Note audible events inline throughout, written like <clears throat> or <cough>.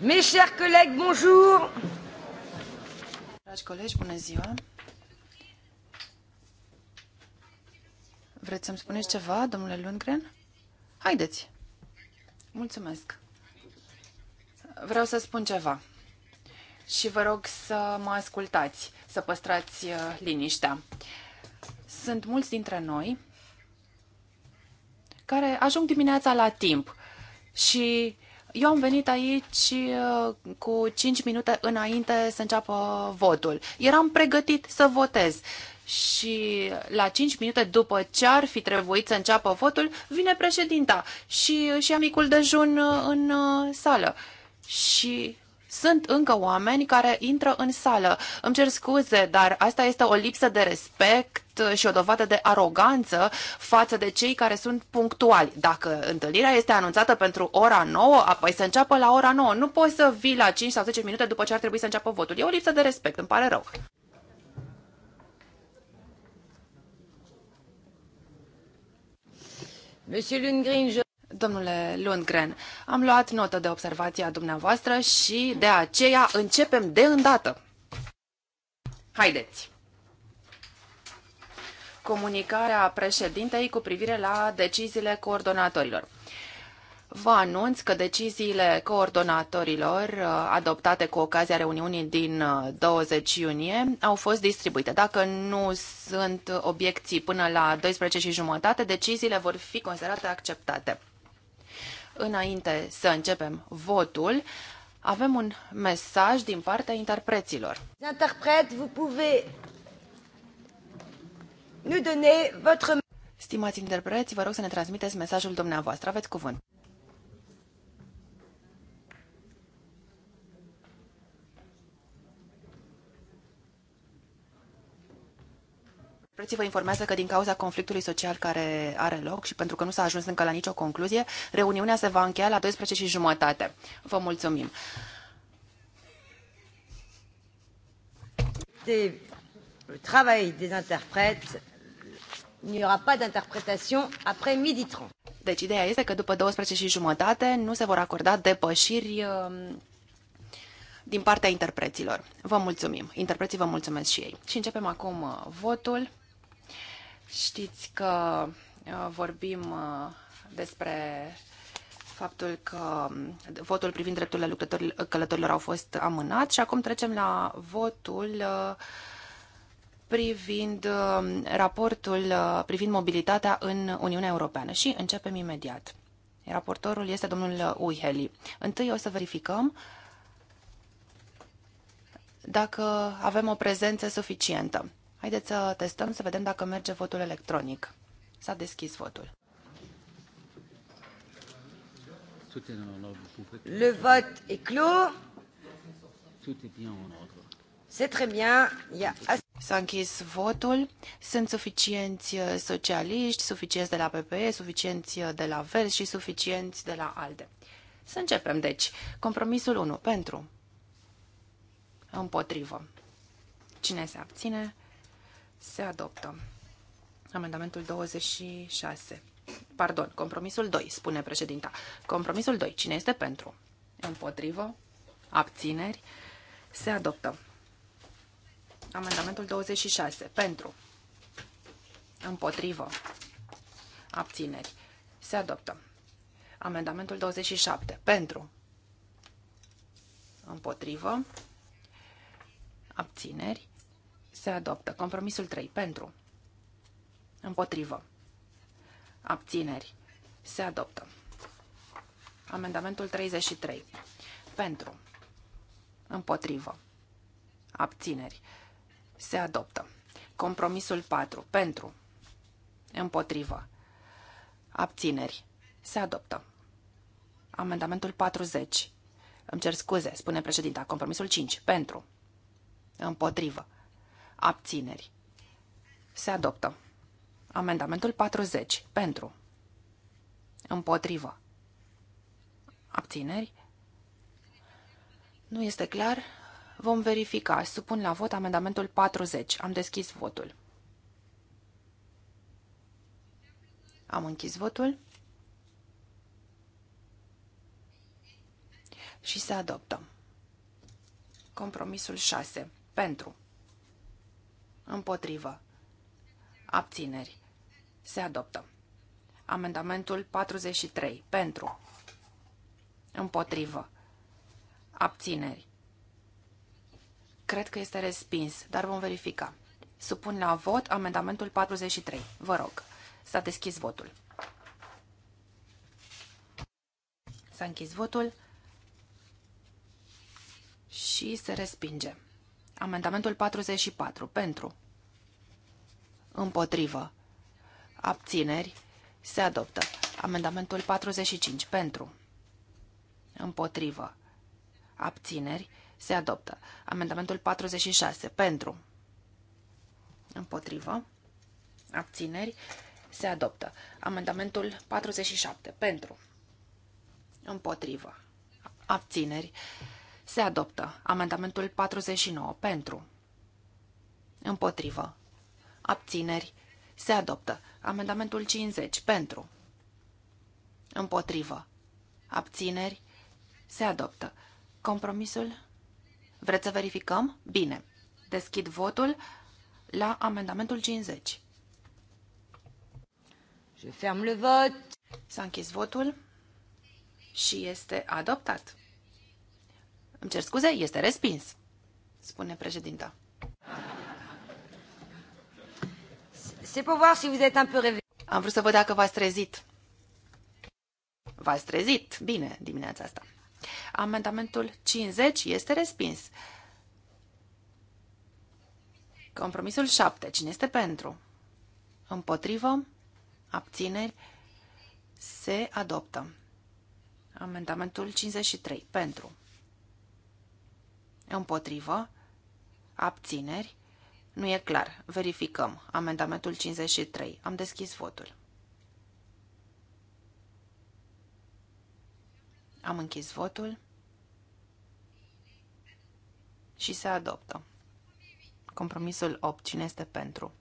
Mes chers collègues, bonjour. Dragi colegi, bună ziua. Vreți să-mi spuneți ceva, domnule Lundgren? Haideți. Mulțumesc. Vreau să spun ceva. Și vă rog să mă ascultați, să păstrați uh, liniștea. Sunt mulți dintre noi care ajung dimineața la timp și eu am venit aici uh, cu 5 minute înainte să înceapă votul. Eram pregătit să votez și la 5 minute după ce ar fi trebuit să înceapă votul, vine președinta și, și amicul dejun uh, în uh, sală. Și sunt încă oameni care intră în sală. Îmi cer scuze, dar asta este o lipsă de respect și o dovadă de aroganță față de cei care sunt punctuali. Dacă întâlnirea este anunțată pentru ora 9, apoi să înceapă la ora 9. Nu poți să vii la 5 sau 10 minute după ce ar trebui să înceapă votul. E o lipsă de respect, îmi pare rău. Monsieur Lundgren, je... Domnule Lundgren, am luat notă de observația dumneavoastră și de aceea începem de îndată. Haideți! Comunicarea președintei cu privire la deciziile coordonatorilor. Vă anunț că deciziile coordonatorilor uh, adoptate cu ocazia reuniunii din 20 uh, iunie au fost distribuite. Dacă nu sunt obiecții până la 12 și jumătate, deciziile vor fi considerate acceptate. Înainte să începem votul, avem un mesaj din partea interpreților. Interpret, vous pouvez nous votre... Stimați interpreți, vă rog să ne transmiteți mesajul dumneavoastră. Aveți cuvânt. Preții vă informează că din cauza conflictului social care are loc și pentru că nu s-a ajuns încă la nicio concluzie, reuniunea se va încheia la 12 și jumătate. Vă mulțumim. De travail des interprètes, il n'y aura pas d'interprétation après midi 30. Deci ideea este că după 12 și jumătate nu se vor acorda depășiri um, din partea interpreților. Vă mulțumim. Interpreții vă mulțumesc și ei. Și începem acum uh, votul. Știți că uh, vorbim uh, despre faptul că um, votul privind drepturile călătorilor au fost amânat și acum trecem la votul uh, privind um, raportul privind mobilitatea în Uniunea Europeană și începem imediat. Raportorul este domnul Uiheli. Întâi o să verificăm dacă avem o prezență suficientă. Haideți să testăm, să vedem dacă merge votul electronic. S-a deschis votul. Le vot est clos. C'est très bien. S-a închis votul. Sunt suficienți uh, socialiști, suficienți de la PPE, suficienți uh, de la Verzi și suficienți de la ALDE. Să începem, deci. Compromisul 1. Pentru. Împotrivă. Cine se abține? Se adoptă. Amendamentul 26. Pardon, compromisul 2, spune președinta. Compromisul 2. Cine este pentru? Împotrivă? Abțineri? Se adoptă. Amendamentul 26. Pentru. Împotrivă. Abțineri. Se adoptă. Amendamentul 27. Pentru. Împotrivă. Abțineri. Se adoptă. Compromisul 3. Pentru. Împotrivă. Abțineri. Se adoptă. Amendamentul 33. Pentru. Împotrivă. Abțineri. Se adoptă. Compromisul 4. Pentru. Împotrivă. Abțineri. Se adoptă. Amendamentul 40. Îmi cer scuze, spune președinta. Compromisul 5. Pentru. Împotrivă. Abțineri. Se adoptă. Amendamentul 40. Pentru. Împotrivă. Abțineri. Nu este clar. Vom verifica. Supun la vot amendamentul 40. Am deschis votul. Am închis votul. Și se adoptă. Compromisul 6. Pentru. Împotrivă. Abțineri. Se adoptă. Amendamentul 43. Pentru. Împotrivă. Abțineri. Cred că este respins, dar vom verifica. Supun la vot amendamentul 43. Vă rog. S-a deschis votul. S-a închis votul și se respinge. Amendamentul 44. Pentru. Împotrivă. Abțineri. Se adoptă. Amendamentul 45. Pentru. Împotrivă. Abțineri. Se adoptă. Amendamentul 46. Pentru. Împotrivă. Abțineri. Se adoptă. Amendamentul 47. Pentru. Împotrivă. Abțineri. Se adoptă. Amendamentul 49. Pentru. Împotrivă. Abțineri. Se adoptă. Amendamentul 50. Pentru. Împotrivă. Abțineri. Se adoptă. Compromisul? Vreți să verificăm? Bine. Deschid votul la amendamentul 50. Je ferme le vote. S-a închis votul și este adoptat. Îmi cer scuze, este respins, spune președinta. un Am vrut să văd dacă v-ați trezit. V-ați trezit. Bine, dimineața asta. Amendamentul 50 este respins. Compromisul 7. Cine este pentru? Împotrivă? Abțineri? Se adoptă. Amendamentul 53. Pentru. Împotrivă. Abțineri. Nu e clar. Verificăm. Amendamentul 53. Am deschis votul. Am închis votul și se adoptă. Compromisul 8. Cine este pentru?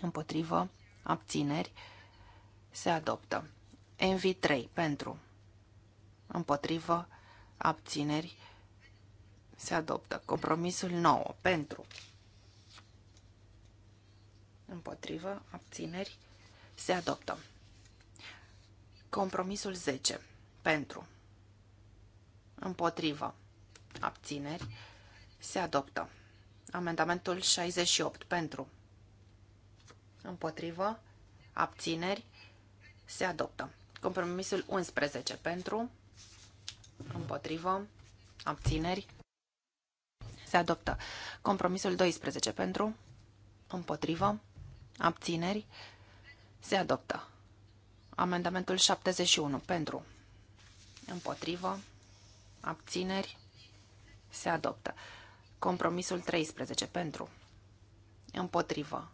Împotrivă. Abțineri. Se adoptă. Envi 3 Pentru. Împotrivă. Abțineri. Se adoptă. Compromisul 9. Pentru. Împotrivă. Abțineri. Se adoptă. Compromisul 10. Pentru. Împotrivă. Abțineri. Se adoptă. Amendamentul 68. Pentru. Împotrivă. Abțineri. Se adoptă. Compromisul 11. Pentru. Împotrivă. Abțineri se adoptă. Compromisul 12 pentru, împotrivă, abțineri, se adoptă. Amendamentul 71 pentru, împotrivă, abțineri, se adoptă. Compromisul 13 pentru, împotrivă,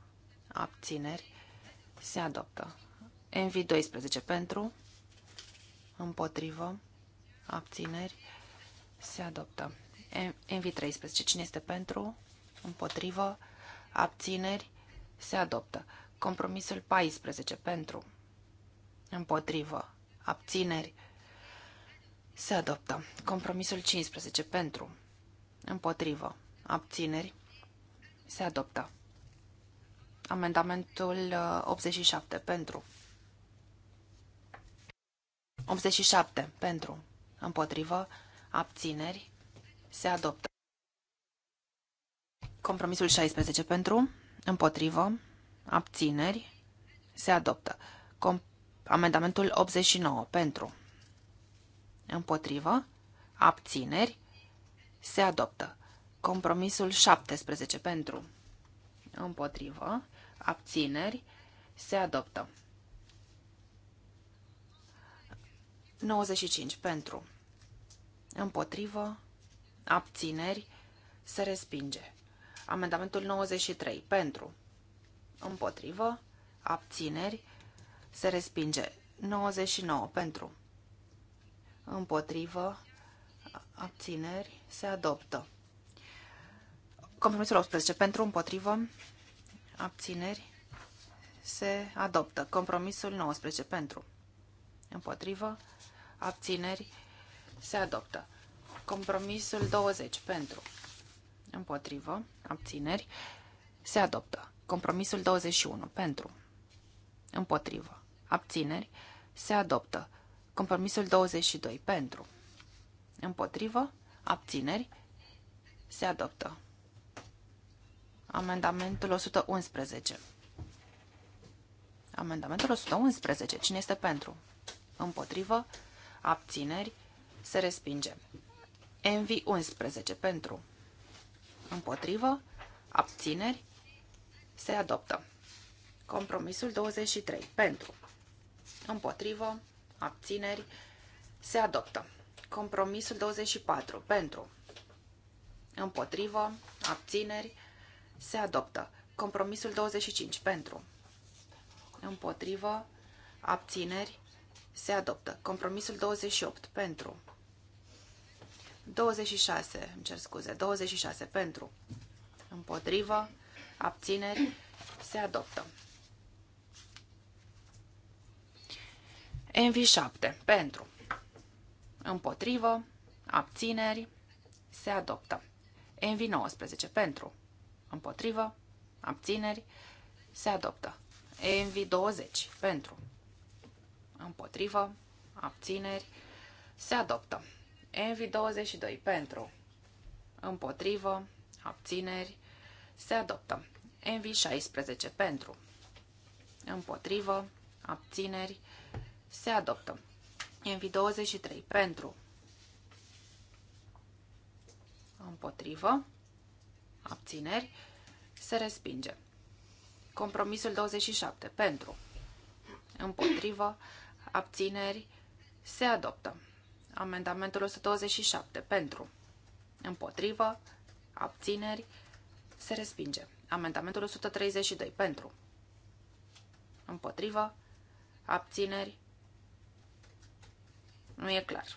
abțineri, se adoptă. NV 12 pentru, împotrivă, abțineri, se adoptă. MV 13 Cine este pentru? Împotrivă? Abțineri? Se adoptă. Compromisul 14. Pentru? Împotrivă? Abțineri? Se adoptă. Compromisul 15. Pentru? Împotrivă? Abțineri? Se adoptă. Amendamentul 87. Uh, pentru? 87. Pentru? Împotrivă? Abțineri? se adoptă. Compromisul 16 pentru, împotrivă, abțineri, se adoptă. Com amendamentul 89 pentru, împotrivă, abțineri, se adoptă. Compromisul 17 pentru, împotrivă, abțineri, se adoptă. 95 pentru, împotrivă, abțineri, se respinge. Amendamentul 93 pentru, împotrivă, abțineri, se respinge. 99 pentru, împotrivă, abțineri, se adoptă. Compromisul 18 pentru, împotrivă, abțineri, se adoptă. Compromisul 19 pentru, împotrivă, abțineri, se adoptă. Compromisul 20 pentru. Împotrivă. Abțineri. Se adoptă. Compromisul 21 pentru. Împotrivă. Abțineri. Se adoptă. Compromisul 22 pentru. Împotrivă. Abțineri. Se adoptă. Amendamentul 111. Amendamentul 111. Cine este pentru? Împotrivă? Abțineri? Se respinge. Envy 11 pentru, împotrivă, abțineri, se adoptă. Compromisul 23 pentru, împotrivă, abțineri, se adoptă. Compromisul 24 pentru, împotrivă, abțineri, se adoptă. Compromisul 25 pentru, împotrivă, abțineri, se adoptă. Compromisul 28 pentru, 26, îmi cer scuze, 26 pentru, împotrivă, abțineri, se adoptă. Envi 7 pentru, împotrivă, abțineri, se adoptă. Envi 19 pentru, împotrivă, abțineri, se adoptă. Envi 20 pentru, împotrivă, abțineri, se adoptă. Envi 22 pentru, împotrivă, abțineri, se adoptă. Envi 16 pentru, împotrivă, abțineri, se adoptă. Envi 23 pentru, împotrivă, abțineri, se respinge. Compromisul 27 pentru, împotrivă, abțineri, se adoptă. Amendamentul 127. Pentru. Împotrivă. Abțineri. Se respinge. Amendamentul 132. Pentru. Împotrivă. Abțineri. Nu e clar.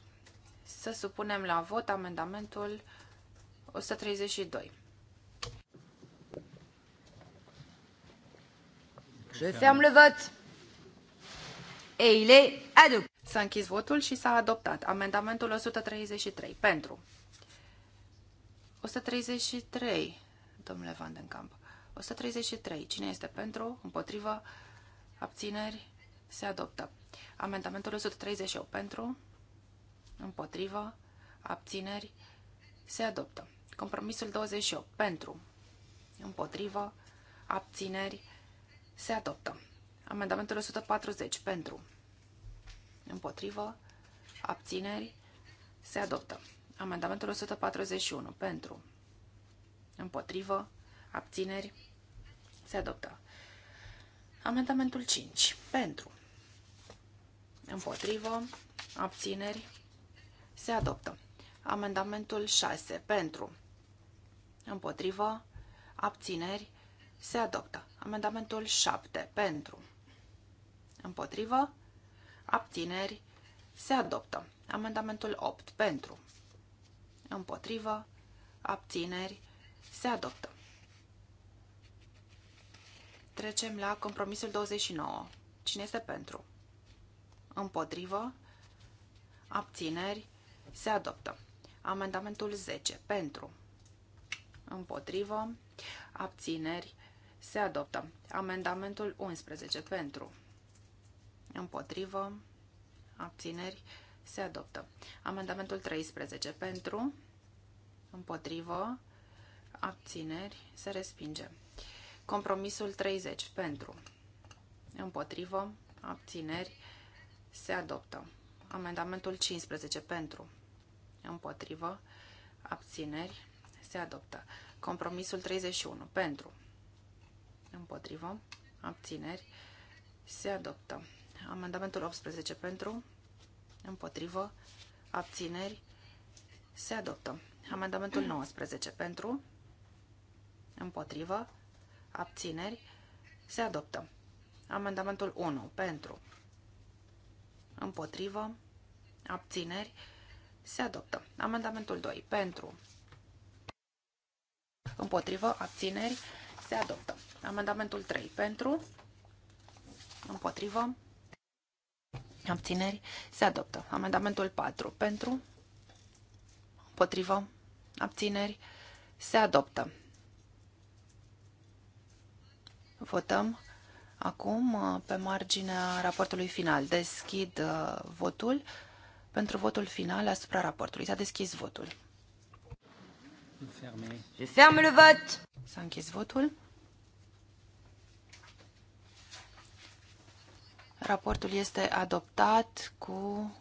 Să supunem la vot amendamentul 132. Je ferme le vote. Et il est adopté. S-a închis votul și s-a adoptat. Amendamentul 133. Pentru. 133, domnule Van den Camp. 133. Cine este pentru? Împotrivă? Abțineri? Se adoptă. Amendamentul 138 pentru? Împotrivă? Abțineri? Se adoptă. Compromisul 28 pentru? Împotrivă? Abțineri? Se adoptă. Amendamentul 140 pentru? Împotrivă. Abțineri. Se adoptă. Amendamentul 141. Pentru. Împotrivă. Abțineri. Se adoptă. Amendamentul 5. Pentru. Împotrivă. Abțineri. Se adoptă. Amendamentul 6. Pentru. Împotrivă. Abțineri. Se adoptă. Amendamentul 7. Pentru. Împotrivă abțineri, se adoptă. Amendamentul 8 pentru, împotrivă, abțineri, se adoptă. Trecem la compromisul 29. Cine este pentru? Împotrivă, abțineri, se adoptă. Amendamentul 10 pentru, împotrivă, abțineri, se adoptă. Amendamentul 11 pentru, Împotrivă. Abțineri. Se adoptă. Amendamentul 13. Pentru. Împotrivă. Abțineri. Se respinge. Compromisul 30. Pentru. Împotrivă. Abțineri. Se adoptă. Amendamentul 15. Pentru. Împotrivă. Abțineri. Se adoptă. Compromisul 31. Pentru. Împotrivă. Abțineri. Se adoptă. Amendamentul 18 pentru, împotrivă, abțineri, se adoptă. Amendamentul 19 pentru, împotrivă, abțineri, se adoptă. Amendamentul 1 pentru, împotrivă, abțineri, se adoptă. Amendamentul 2 pentru, împotrivă, abțineri, se adoptă. Amendamentul 3 pentru, împotrivă, Abțineri? Se adoptă. Amendamentul 4. Pentru? Împotrivă? Abțineri? Se adoptă. Votăm acum uh, pe marginea raportului final. Deschid uh, votul pentru votul final asupra raportului. S-a deschis votul. Je ferme le vote. S-a închis votul. Raportul este adoptat cu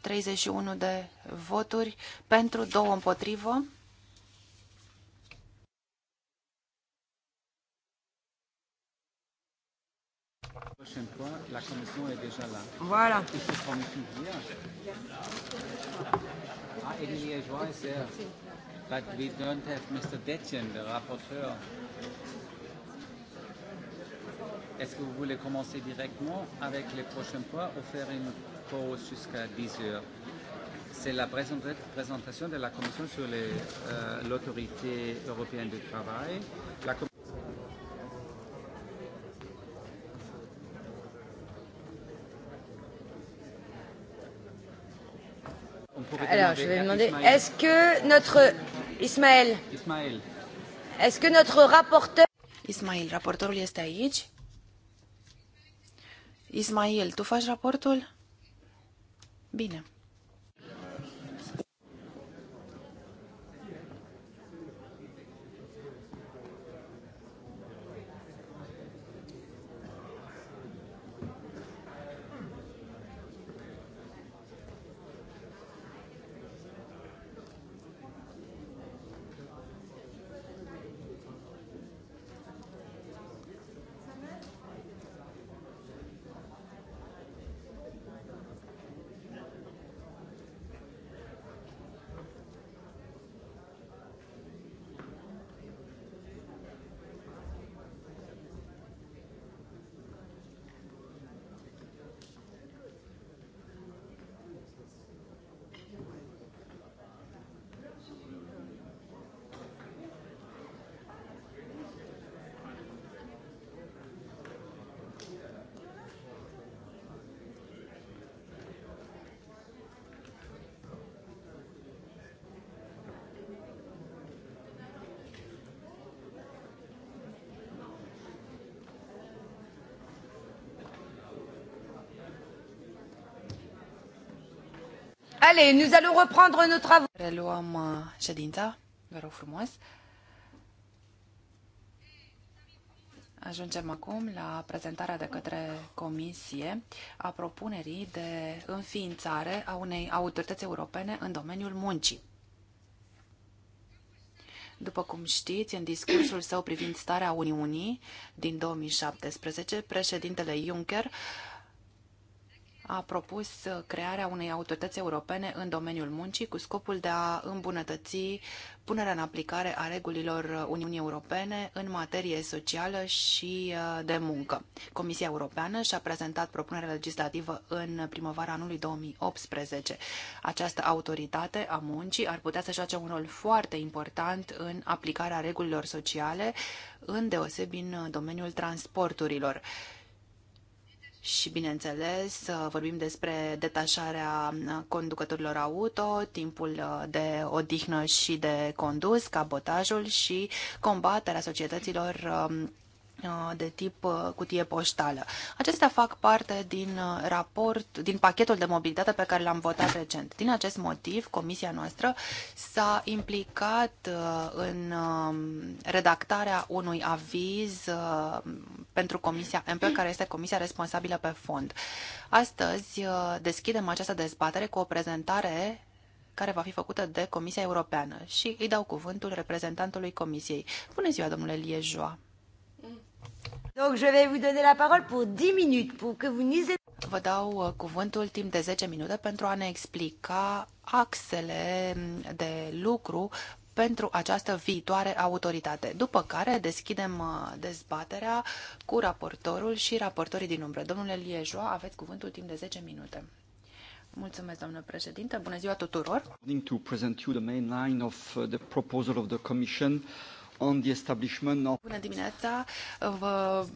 31 de voturi pentru, două împotrivă. Voilà. Ah, Emily Joie is But we don't have Mr. Detjen, the rapporteur. Est-ce que vous voulez commencer directement avec les prochains points ou faire une pause jusqu'à 10 heures C'est la présentation de la Commission sur euh, l'autorité euh, européenne du travail. La Alors, je vais demander, est-ce que notre... Ismaël. Ismaël. Est-ce que notre rapporteur... Ismaël, rapporteur, il est ici Ismail, tu faci raportul? Bine. Allez, nous allons reprendre nos travaux. Reluăm uh, ședința, vă rog frumos. Ajungem acum la prezentarea de către Comisie a propunerii de înființare a unei autorități europene în domeniul muncii. După cum știți, în discursul său privind starea Uniunii din 2017, președintele Juncker a propus crearea unei autorități europene în domeniul muncii cu scopul de a îmbunătăți punerea în aplicare a regulilor Uniunii Europene în materie socială și uh, de muncă. Comisia Europeană și-a prezentat propunerea legislativă în primăvara anului 2018. Această autoritate a muncii ar putea să joace un rol foarte important în aplicarea regulilor sociale, în deosebi în domeniul transporturilor și, bineînțeles, uh, vorbim despre detașarea uh, conducătorilor auto, timpul uh, de odihnă și de condus, cabotajul și combaterea societăților um, Uh, de tip uh, cutie poștală. Acestea fac parte din uh, raport, din pachetul de mobilitate pe care l-am votat recent. Din acest motiv, comisia noastră s-a implicat în um, redactarea unui aviz pentru comisia MP, care este comisia responsabilă pe fond. Astăzi deschidem această dezbatere cu o prezentare care va fi făcută de Comisia Europeană și îi dau cuvântul reprezentantului Comisiei. Bună ziua, domnule Liejoa! Donc je vais vous donner la parole pour 10 minutes pour que vous nisez. Vă dau uh, cuvântul timp de 10 minute pentru a ne explica axele mm, de lucru pentru această viitoare autoritate, după care deschidem uh, dezbaterea cu raportorul și raportorii din umbră. Domnule Liejoa, aveți cuvântul timp de 10 minute. Mulțumesc, doamnă președinte. Bună ziua tuturor. To present you the main line of uh, the proposal of the Commission, on the establishment of... Bună dimineața! Vă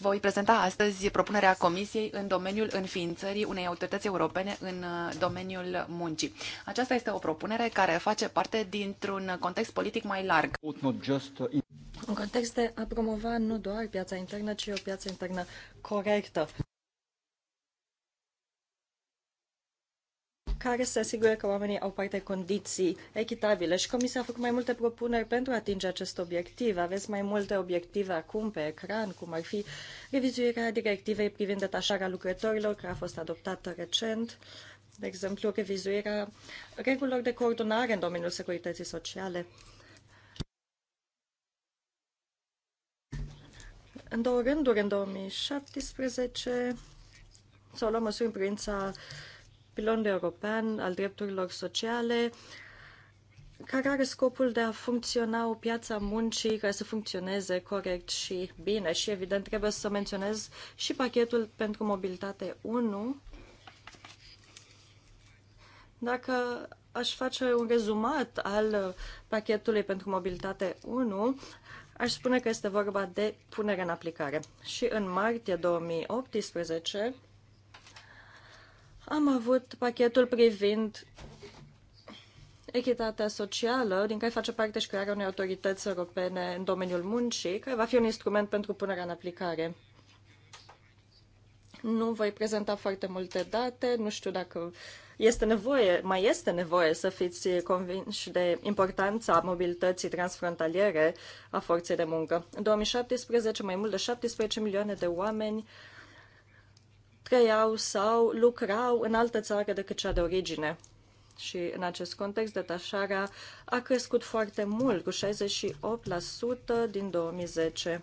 voi prezenta astăzi propunerea Comisiei în domeniul înființării unei autorități europene în uh, domeniul muncii. Aceasta este o propunere care face parte dintr-un context politic mai larg. În context de a promova nu doar piața internă, ci o piață internă corectă. care să asigure că oamenii au parte condiții echitabile și Comisia a făcut mai multe propuneri pentru a atinge acest obiectiv. Aveți mai multe obiective acum pe ecran, cum ar fi revizuirea directivei privind detașarea lucrătorilor, care a fost adoptată recent, de exemplu, revizuirea regulilor de coordonare în domeniul securității sociale. În două rânduri, în 2017, s-au luat măsuri în privința pilon de european al drepturilor sociale, care are scopul de a funcționa o piață a muncii care să funcționeze corect și bine. Și, evident, trebuie să menționez și pachetul pentru mobilitate 1. Dacă aș face un rezumat al pachetului pentru mobilitate 1, aș spune că este vorba de punere în aplicare. Și în martie 2018, am avut pachetul privind echitatea socială, din care face parte și crearea unei autorități europene în domeniul muncii, care va fi un instrument pentru punerea în aplicare. Nu voi prezenta foarte multe date, nu știu dacă este nevoie, mai este nevoie să fiți convinși de importanța mobilității transfrontaliere a forței de muncă. În 2017, mai mult de 17 milioane de oameni trăiau sau lucrau în altă țară decât cea de origine. Și în acest context, detașarea a crescut foarte mult, cu 68% din 2010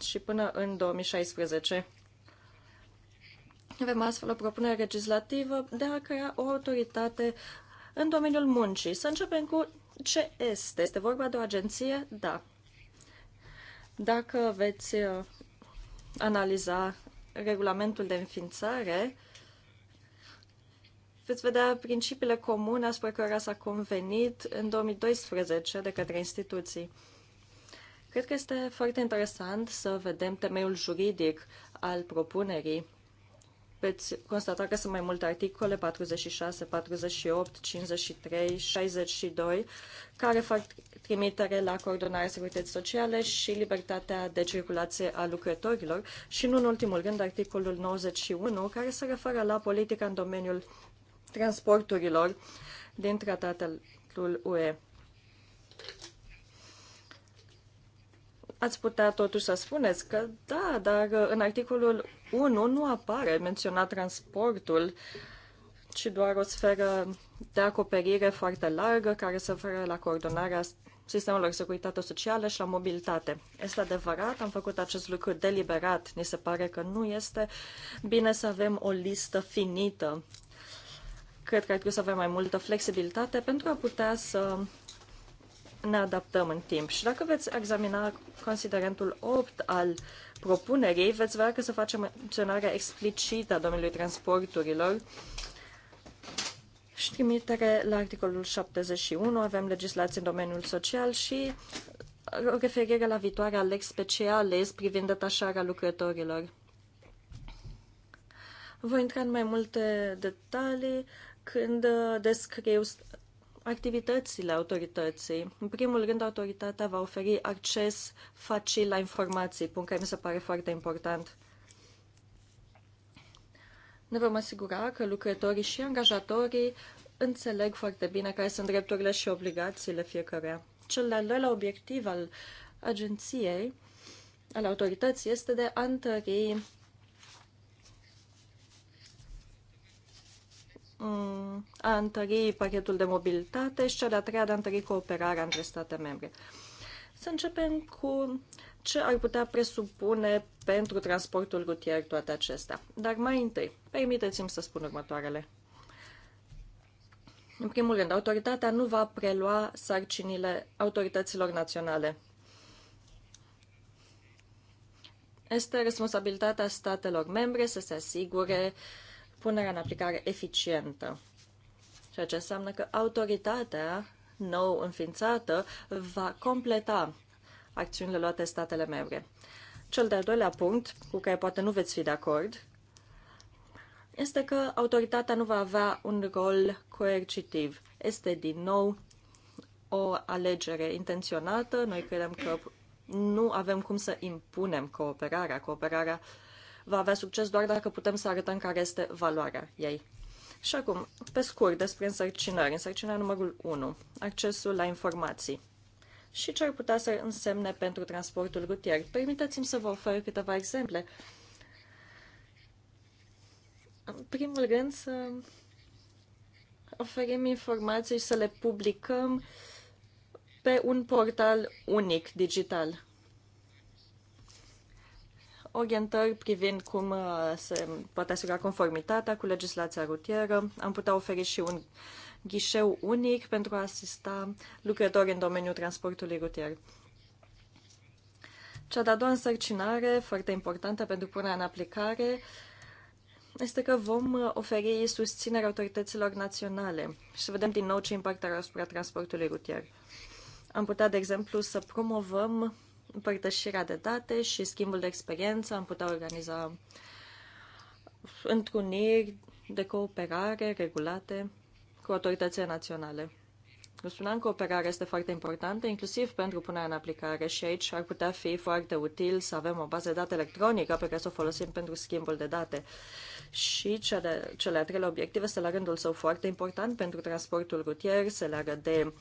și până în 2016. Avem astfel o propunere legislativă de a crea o autoritate în domeniul muncii. Să începem cu ce este. Este vorba de o agenție? Da. Dacă veți analiza regulamentul de înființare, veți vedea principiile comune asupra cărora s-a convenit în 2012 de către instituții. Cred că este foarte interesant să vedem temeiul juridic al propunerii. Veți constata că sunt mai multe articole, 46, 48, 53, 62, care fac trimitere la coordonarea securității sociale și libertatea de circulație a lucrătorilor și, nu în ultimul rând, articolul 91, care se referă la politica în domeniul transporturilor din tratatul UE. Ați putea totuși să spuneți că da, dar în articolul 1 nu apare menționat transportul, ci doar o sferă de acoperire foarte largă care se referă la coordonarea sistemelor de securitate socială și la mobilitate. Este adevărat, am făcut acest lucru deliberat. Ni se pare că nu este bine să avem o listă finită. Cred că ar trebui să avem mai multă flexibilitate pentru a putea să ne adaptăm în timp. Și dacă veți examina considerentul 8 al propunerii, veți vedea că se face menționarea explicită a domeniului transporturilor, uh, și trimitere la articolul 71, avem legislație în domeniul social și referire la viitoarea lex speciales privind detașarea lucrătorilor. Voi intra în mai multe detalii când uh, descriu activitățile autorității. În primul rând, autoritatea va oferi acces facil la informații, punct care mi se pare foarte important. Ne vom asigura că lucrătorii și angajatorii înțeleg foarte bine care sunt drepturile și obligațiile fiecăruia. Cel de-al doilea obiectiv al agenției, al autorității, este de a întări mm, a întări pachetul de mobilitate și cea de-a treia de a întări cooperarea între state membre. Să începem cu ce ar putea presupune pentru transportul rutier toate acestea. Dar mai întâi, permiteți-mi să spun următoarele. În primul rând, autoritatea nu va prelua sarcinile autorităților naționale. Este responsabilitatea statelor membre să se asigure punerea în aplicare eficientă. Ceea ce înseamnă că autoritatea nou înființată va completa acțiunile luate statele membre. Cel de-al doilea punct, cu care poate nu veți fi de acord, este că autoritatea nu va avea un rol coercitiv. Este din nou o alegere intenționată. Noi credem că nu avem cum să impunem cooperarea. Cooperarea va avea succes doar dacă putem să arătăm care este valoarea ei. Și acum, pe scurt, despre însărcinări. Însărcinarea numărul 1. Accesul la informații. Și ce ar putea să însemne pentru transportul rutier? Permiteți-mi să vă ofer câteva exemple în primul rând să oferim informații și să le publicăm pe un portal unic digital. Orientări privind cum uh, se poate asigura conformitatea cu legislația rutieră. Am putea oferi și un ghișeu unic pentru a asista lucrători în domeniul transportului rutier. Cea de-a doua însărcinare, foarte importantă pentru punerea în aplicare, este că vom uh, oferi susținere autorităților naționale și să vedem din nou ce impact are asupra transportului rutier. Am putea, de exemplu, să promovăm împărtășirea de date și schimbul de experiență, am putea organiza întruniri de cooperare regulate cu autoritățile naționale. Cum spuneam, cooperarea este foarte importantă, inclusiv pentru punerea în aplicare și aici ar putea fi foarte util să avem o bază de date electronică pe care să o folosim pentru schimbul de date și cele, cele trei obiective se la rândul său foarte important pentru transportul rutier, se leagă de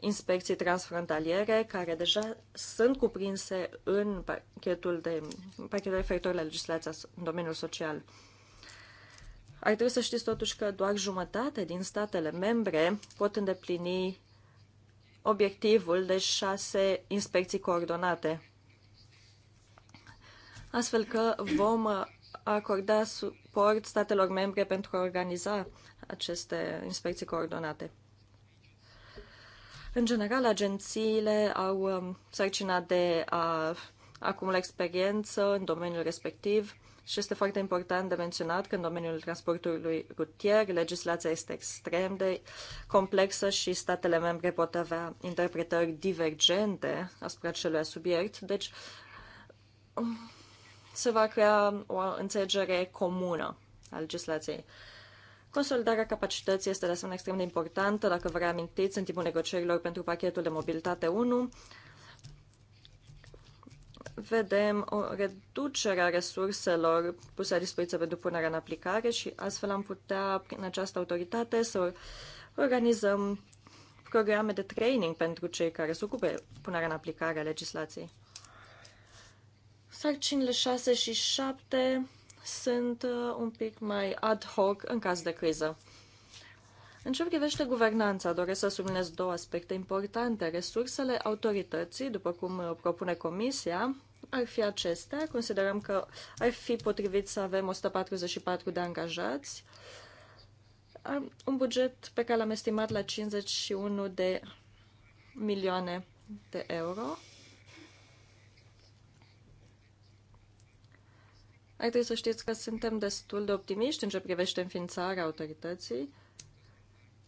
inspecții transfrontaliere care deja sunt cuprinse în pachetul, de, pachetul referitor la legislația în domeniul social. Ar trebui să știți totuși că doar jumătate din statele membre pot îndeplini obiectivul de șase inspecții coordonate. Astfel că vom acorda suport statelor membre pentru a organiza aceste inspecții coordonate. În general, agențiile au um, sarcina de a acumula experiență în domeniul respectiv și este foarte important de menționat că în domeniul transportului rutier legislația este extrem de complexă și statele membre pot avea interpretări divergente asupra acelui subiect. Deci, um, se va crea o înțelegere comună a legislației. Consolidarea capacității este de asemenea extrem de importantă, dacă vă reamintiți, în timpul negocierilor pentru pachetul de mobilitate 1, vedem o reducere a resurselor puse la dispoziție pentru punerea în aplicare și astfel am putea, prin această autoritate, să organizăm programe de training pentru cei care se ocupe punerea în aplicare a legislației. Sarcinile 6 și 7 sunt uh, un pic mai ad hoc în caz de criză. În ce privește guvernanța, doresc să sublinez două aspecte importante. Resursele autorității, după cum uh, propune Comisia, ar fi acestea. Considerăm că ar fi potrivit să avem 144 de angajați, un buget pe care l-am estimat la 51 de milioane de euro. Ar trebui să știți că suntem destul de optimiști în ce privește înființarea autorității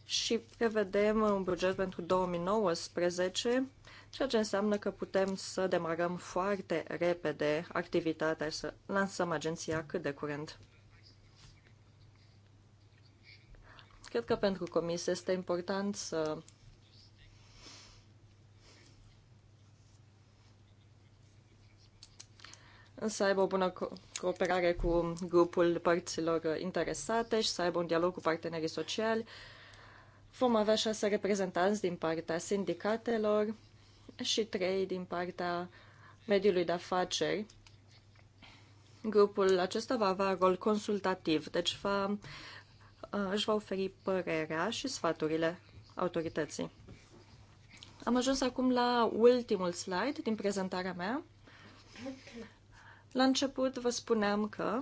și prevedem un buget pentru 2019, ceea ce înseamnă că putem să demarăm foarte repede activitatea și să lansăm agenția cât de curând. Cred că pentru comisie este important să să aibă o bună cooperare cu grupul părților interesate și să aibă un dialog cu partenerii sociali. Vom avea șase reprezentanți din partea sindicatelor și trei din partea mediului de afaceri. Grupul acesta va avea rol consultativ, deci va, uh, își va oferi părerea și sfaturile autorității. Am ajuns acum la ultimul slide din prezentarea mea. La început vă spuneam că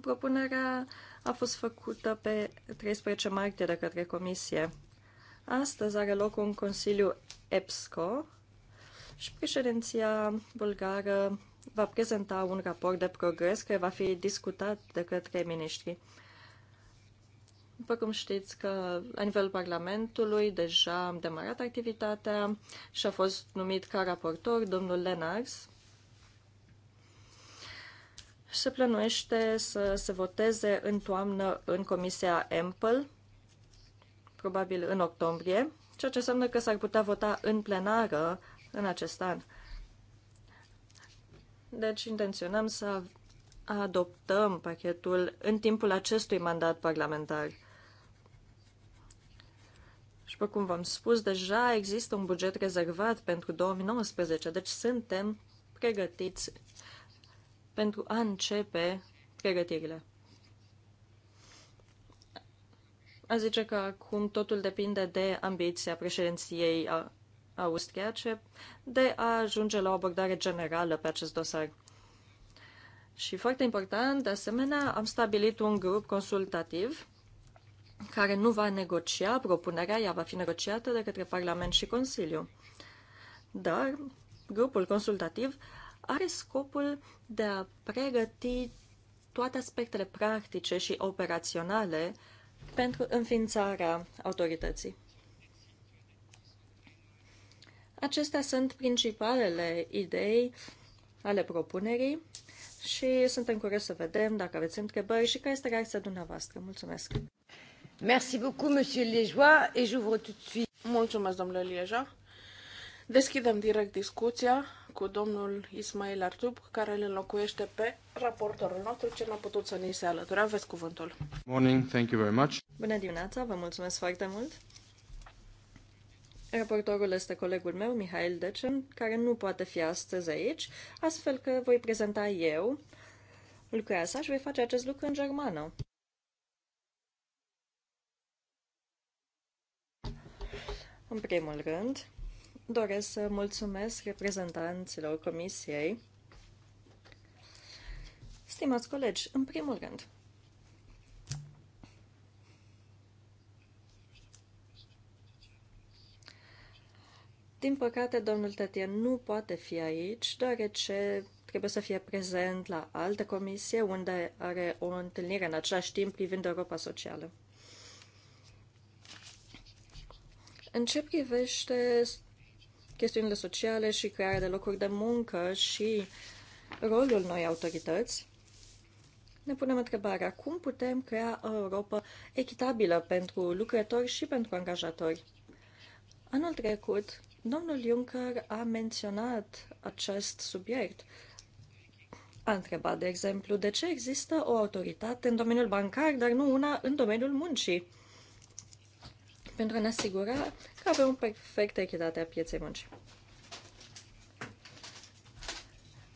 propunerea a fost făcută pe 13 martie de către Comisie. Astăzi are loc un Consiliu EPSCO și președinția bulgară va prezenta un raport de progres care va fi discutat de către miniștri. După cum știți că la nivelul Parlamentului deja am demarat activitatea și a fost numit ca raportor domnul Lenars se plănuiește să se voteze în toamnă în Comisia EMPL, probabil în octombrie, ceea ce înseamnă că s-ar putea vota în plenară în acest an. Deci intenționăm să adoptăm pachetul în timpul acestui mandat parlamentar. Și după cum v-am spus, deja există un buget rezervat pentru 2019, deci suntem pregătiți pentru a începe pregătirile. A zice că acum totul depinde de ambiția președinției austriace de a ajunge la o abordare generală pe acest dosar. Și foarte important, de asemenea, am stabilit un grup consultativ care nu va negocia propunerea, ea va fi negociată de către Parlament și Consiliu. Dar grupul consultativ are scopul de a pregăti toate aspectele practice și operaționale pentru înființarea autorității. Acestea sunt principalele idei ale propunerii și suntem curioși să vedem dacă aveți întrebări și care este reacția dumneavoastră. Mulțumesc! Merci beaucoup, monsieur Liejoa, et j'ouvre tout de suite. Mulțumesc, domnule Liegeois. Deschidem direct discuția cu domnul Ismail Artub, care îl înlocuiește pe raportorul nostru, ce n-a putut să ni se alăture. Aveți cuvântul. Morning, thank you very much. Bună dimineața, vă mulțumesc foarte mult. Raportorul este colegul meu, Mihail Decen, care nu poate fi astăzi aici, astfel că voi prezenta eu lucrarea sa și voi face acest lucru în germană. În primul rând, Doresc să mulțumesc reprezentanților Comisiei. Stimați colegi, în primul rând, Din păcate, domnul Tătien nu poate fi aici, deoarece trebuie să fie prezent la altă comisie, unde are o întâlnire în același timp privind Europa Socială. În ce privește chestiunile sociale și crearea de locuri de muncă și rolul noi autorități, ne punem întrebarea cum putem crea o Europa echitabilă pentru lucrători și pentru angajatori. Anul trecut, domnul Juncker a menționat acest subiect. A întrebat, de exemplu, de ce există o autoritate în domeniul bancar, dar nu una în domeniul muncii pentru a ne asigura că avem o perfectă echitate a pieței muncii.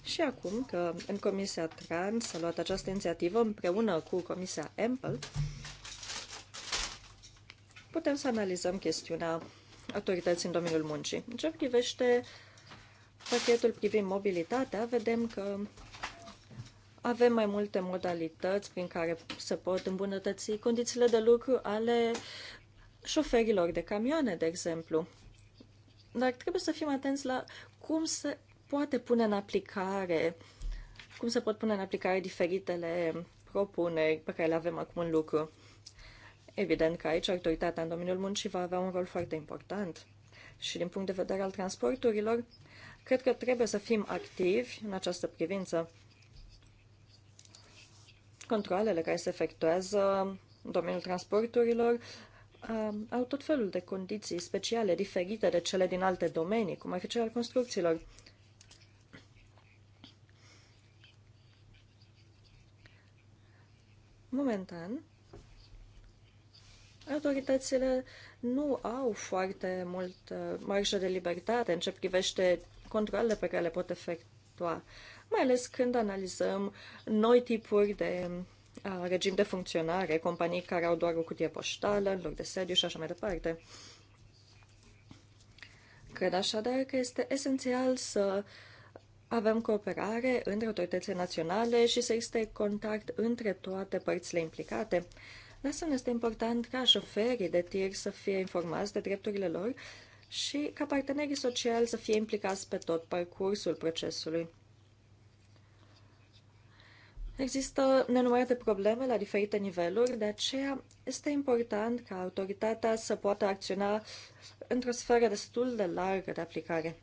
Și acum că în Comisia Trans a luat această inițiativă împreună cu Comisia Ample, putem să analizăm chestiunea autorității în domeniul muncii. În ce privește pachetul privind mobilitatea, vedem că avem mai multe modalități prin care se pot îmbunătăți condițiile de lucru ale șoferilor de camioane, de exemplu. Dar trebuie să fim atenți la cum se poate pune în aplicare, cum se pot pune în aplicare diferitele propuneri pe care le avem acum în lucru. Evident că aici autoritatea în domeniul muncii va avea un rol foarte important și din punct de vedere al transporturilor, cred că trebuie să fim activi în această privință. Controlele care se efectuează în domeniul transporturilor au tot felul de condiții speciale, diferite de cele din alte domenii, cum ar fi cel al construcțiilor. Momentan, autoritățile nu au foarte mult marjă de libertate în ce privește controlele pe care le pot efectua, mai ales când analizăm noi tipuri de Uh, regim de funcționare, companii care au doar o cutie poștală în loc de sediu și așa mai departe. Cred așadar că este esențial să avem cooperare între autoritățile naționale și să existe contact între toate părțile implicate. De asemenea, este important ca șoferii de tir să fie informați de drepturile lor și ca partenerii sociali să fie implicați pe tot parcursul procesului. Există nenumărate probleme la diferite niveluri, de aceea este important ca autoritatea să poată acționa într-o sferă destul de largă de aplicare.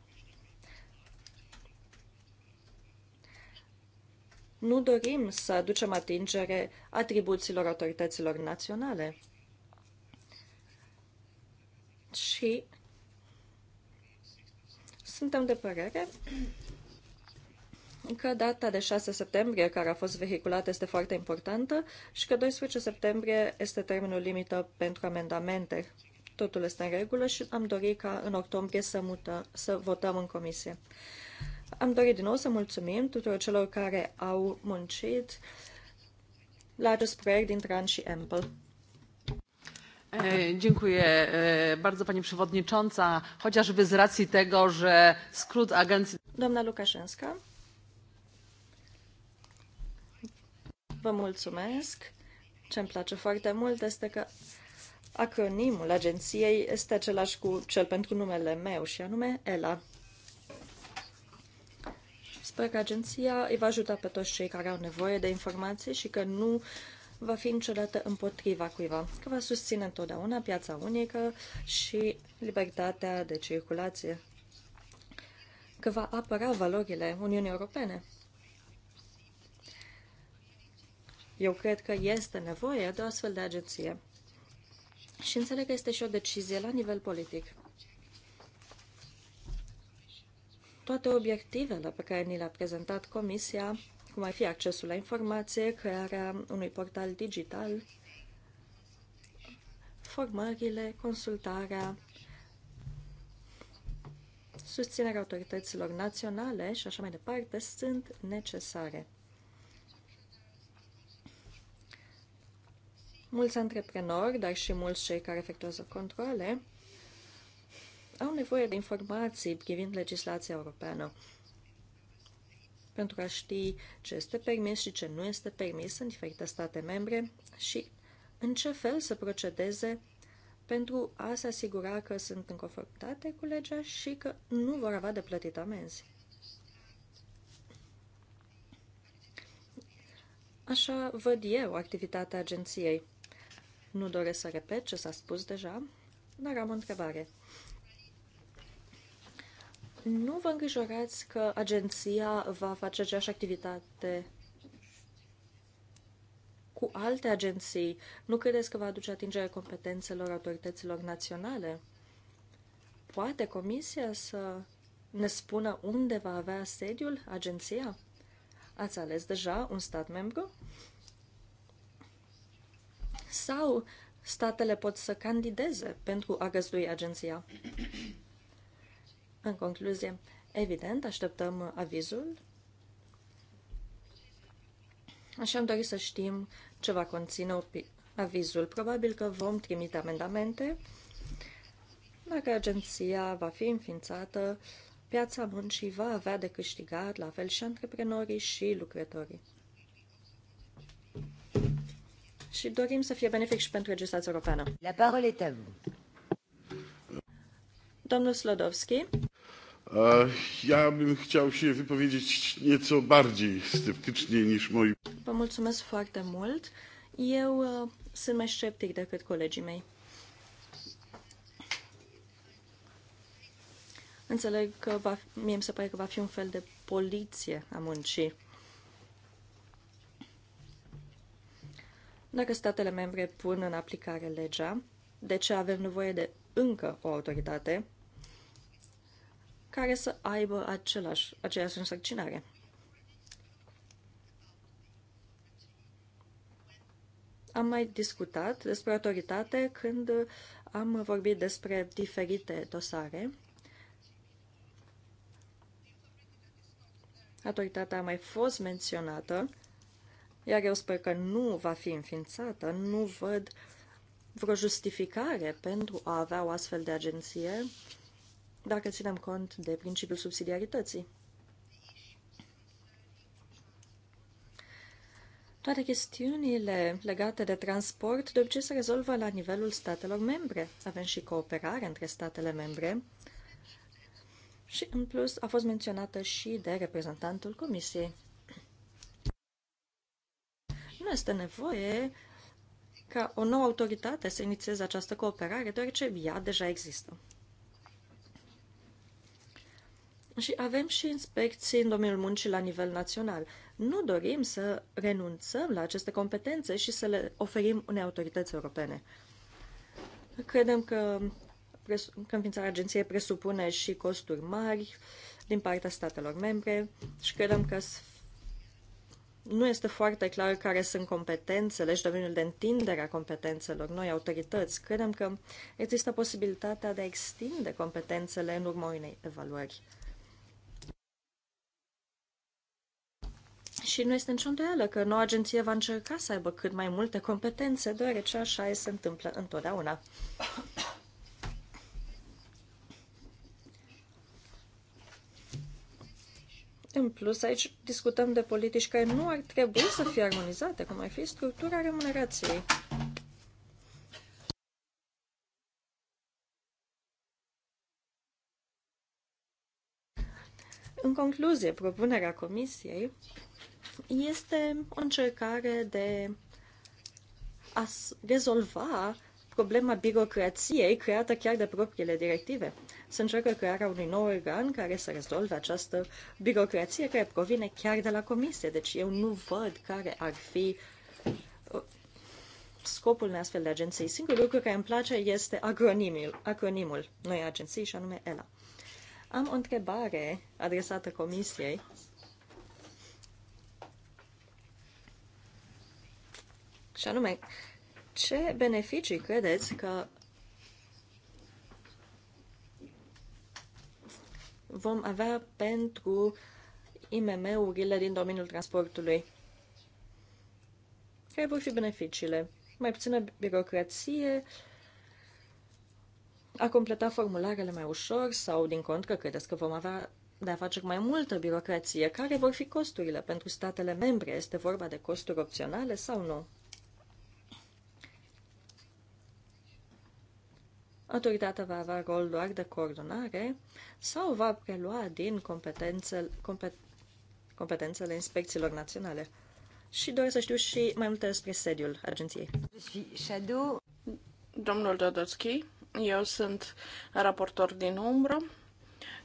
Nu dorim să aducem atingere atribuțiilor autorităților naționale. Și suntem de părere că data de 6 septembrie care a fost vehiculată este foarte importantă și că 12 septembrie este termenul limită pentru amendamente. Totul este în regulă și am dorit ca în octombrie să, mută, să votăm în comisie. Am dorit din nou să mulțumim tuturor celor care au muncit la acest proiect din Tran și Ample. Dziękuję bardzo Pani Przewodnicząca, chociażby z racji tego, że skrót agencji... Domna Lukaszenska. Vă mulțumesc. Ce îmi place foarte mult este că acronimul agenției este același cu cel pentru numele meu și anume ELA. Sper că agenția îi va ajuta pe toți cei care au nevoie de informații și că nu va fi niciodată împotriva cuiva, că va susține întotdeauna piața unică și libertatea de circulație, că va apăra valorile Uniunii Europene Eu cred că este nevoie de o astfel de agenție. Și înțeleg că este și o decizie la nivel politic. Toate obiectivele pe care ni le-a prezentat Comisia, cum ar fi accesul la informație, crearea unui portal digital, formările, consultarea, susținerea autorităților naționale și așa mai departe, sunt necesare. Mulți antreprenori, dar și mulți cei care efectuează controle, au nevoie de informații privind legislația europeană pentru a ști ce este permis și ce nu este permis în diferite state membre și în ce fel să procedeze pentru a se asigura că sunt în conformitate cu legea și că nu vor avea de plătit amenzi. Așa văd eu activitatea agenției. Nu doresc să repet ce s-a spus deja, dar am o întrebare. Nu vă îngrijorați că agenția va face aceeași activitate cu alte agenții? Nu credeți că va aduce atingerea competențelor autorităților naționale? Poate Comisia să ne spună unde va avea sediul agenția? Ați ales deja un stat membru? sau statele pot să candideze pentru a găzdui agenția. În concluzie, evident, așteptăm avizul Așa am dorit să știm ce va conține avizul. Probabil că vom trimite amendamente. Dacă agenția va fi înființată, piața muncii va avea de câștigat, la fel și antreprenorii și lucrătorii și dorim să fie benefic și pentru legislația europeană. La parole est à vous. Domnul Slodowski. Uh, ja bym chciał się wypowiedzieć nieco bardziej sceptycznie niż moi. Vă mulțumesc foarte mult. Eu uh, sunt mai sceptic decât colegii mei. Înțeleg că va, mie îmi se pare că va fi un fel de poliție a muncii. dacă statele membre pun în aplicare legea, de ce avem nevoie de încă o autoritate care să aibă același, aceeași însărcinare. Am mai discutat despre autoritate când am vorbit despre diferite dosare. Autoritatea a mai fost menționată iar eu sper că nu va fi înființată, nu văd vreo justificare pentru a avea o astfel de agenție dacă ținem cont de principiul subsidiarității. Toate chestiunile legate de transport de obicei se rezolvă la nivelul statelor membre. Avem și cooperare între statele membre și, în plus, a fost menționată și de reprezentantul Comisiei nu este nevoie ca o nouă autoritate să inițieze această cooperare, deoarece ea deja există. Și avem și inspecții în domeniul muncii la nivel național. Nu dorim să renunțăm la aceste competențe și să le oferim unei autorități europene. Credem că, că înființarea agenției presupune și costuri mari din partea statelor membre și credem că nu este foarte clar care sunt competențele și domeniul de întindere a competențelor noi autorități. Credem că există posibilitatea de a extinde competențele în urma unei evaluări. Și nu este nicio îndoială că noua agenție va încerca să aibă cât mai multe competențe, deoarece așa se întâmplă întotdeauna. În plus, aici discutăm de politici care nu ar trebui să fie armonizate, cum ar fi structura remunerației. În concluzie, propunerea Comisiei este o încercare de a rezolva problema birocrației creată chiar de propriile directive. Se încearcă crearea unui nou organ care să rezolve această birocrație care provine chiar de la comisie. Deci eu nu văd care ar fi uh, scopul unei astfel de agenții. Singurul lucru care îmi place este acronimul, acronimul noi agenții și anume ELA. Am o întrebare adresată comisiei. Și anume, ce beneficii credeți că vom avea pentru IMM-urile din domeniul transportului? Care vor fi beneficiile? Mai puțină birocrație, a completa formularele mai ușor sau, din cont, că credeți că vom avea de a face mai multă birocrație? Care vor fi costurile pentru statele membre? Este vorba de costuri opționale sau nu? Autoritatea va avea rol doar de coordonare sau va prelua din competențele, compet, competențele inspecțiilor naționale. Și doresc să știu și mai multe despre sediul agenției. Shadow. Domnul Dodotski, eu sunt raportor din umbră.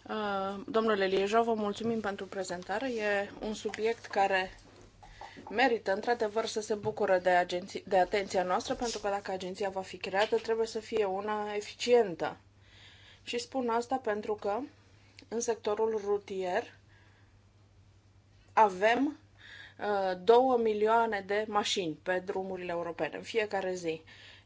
Uh, domnule Liejo, vă mulțumim pentru prezentare. E un subiect care merită într-adevăr să se bucură de, de atenția noastră, pentru că dacă agenția va fi creată, trebuie să fie una eficientă. Și spun asta pentru că în sectorul rutier avem 2 uh, milioane de mașini pe drumurile europene în fiecare zi,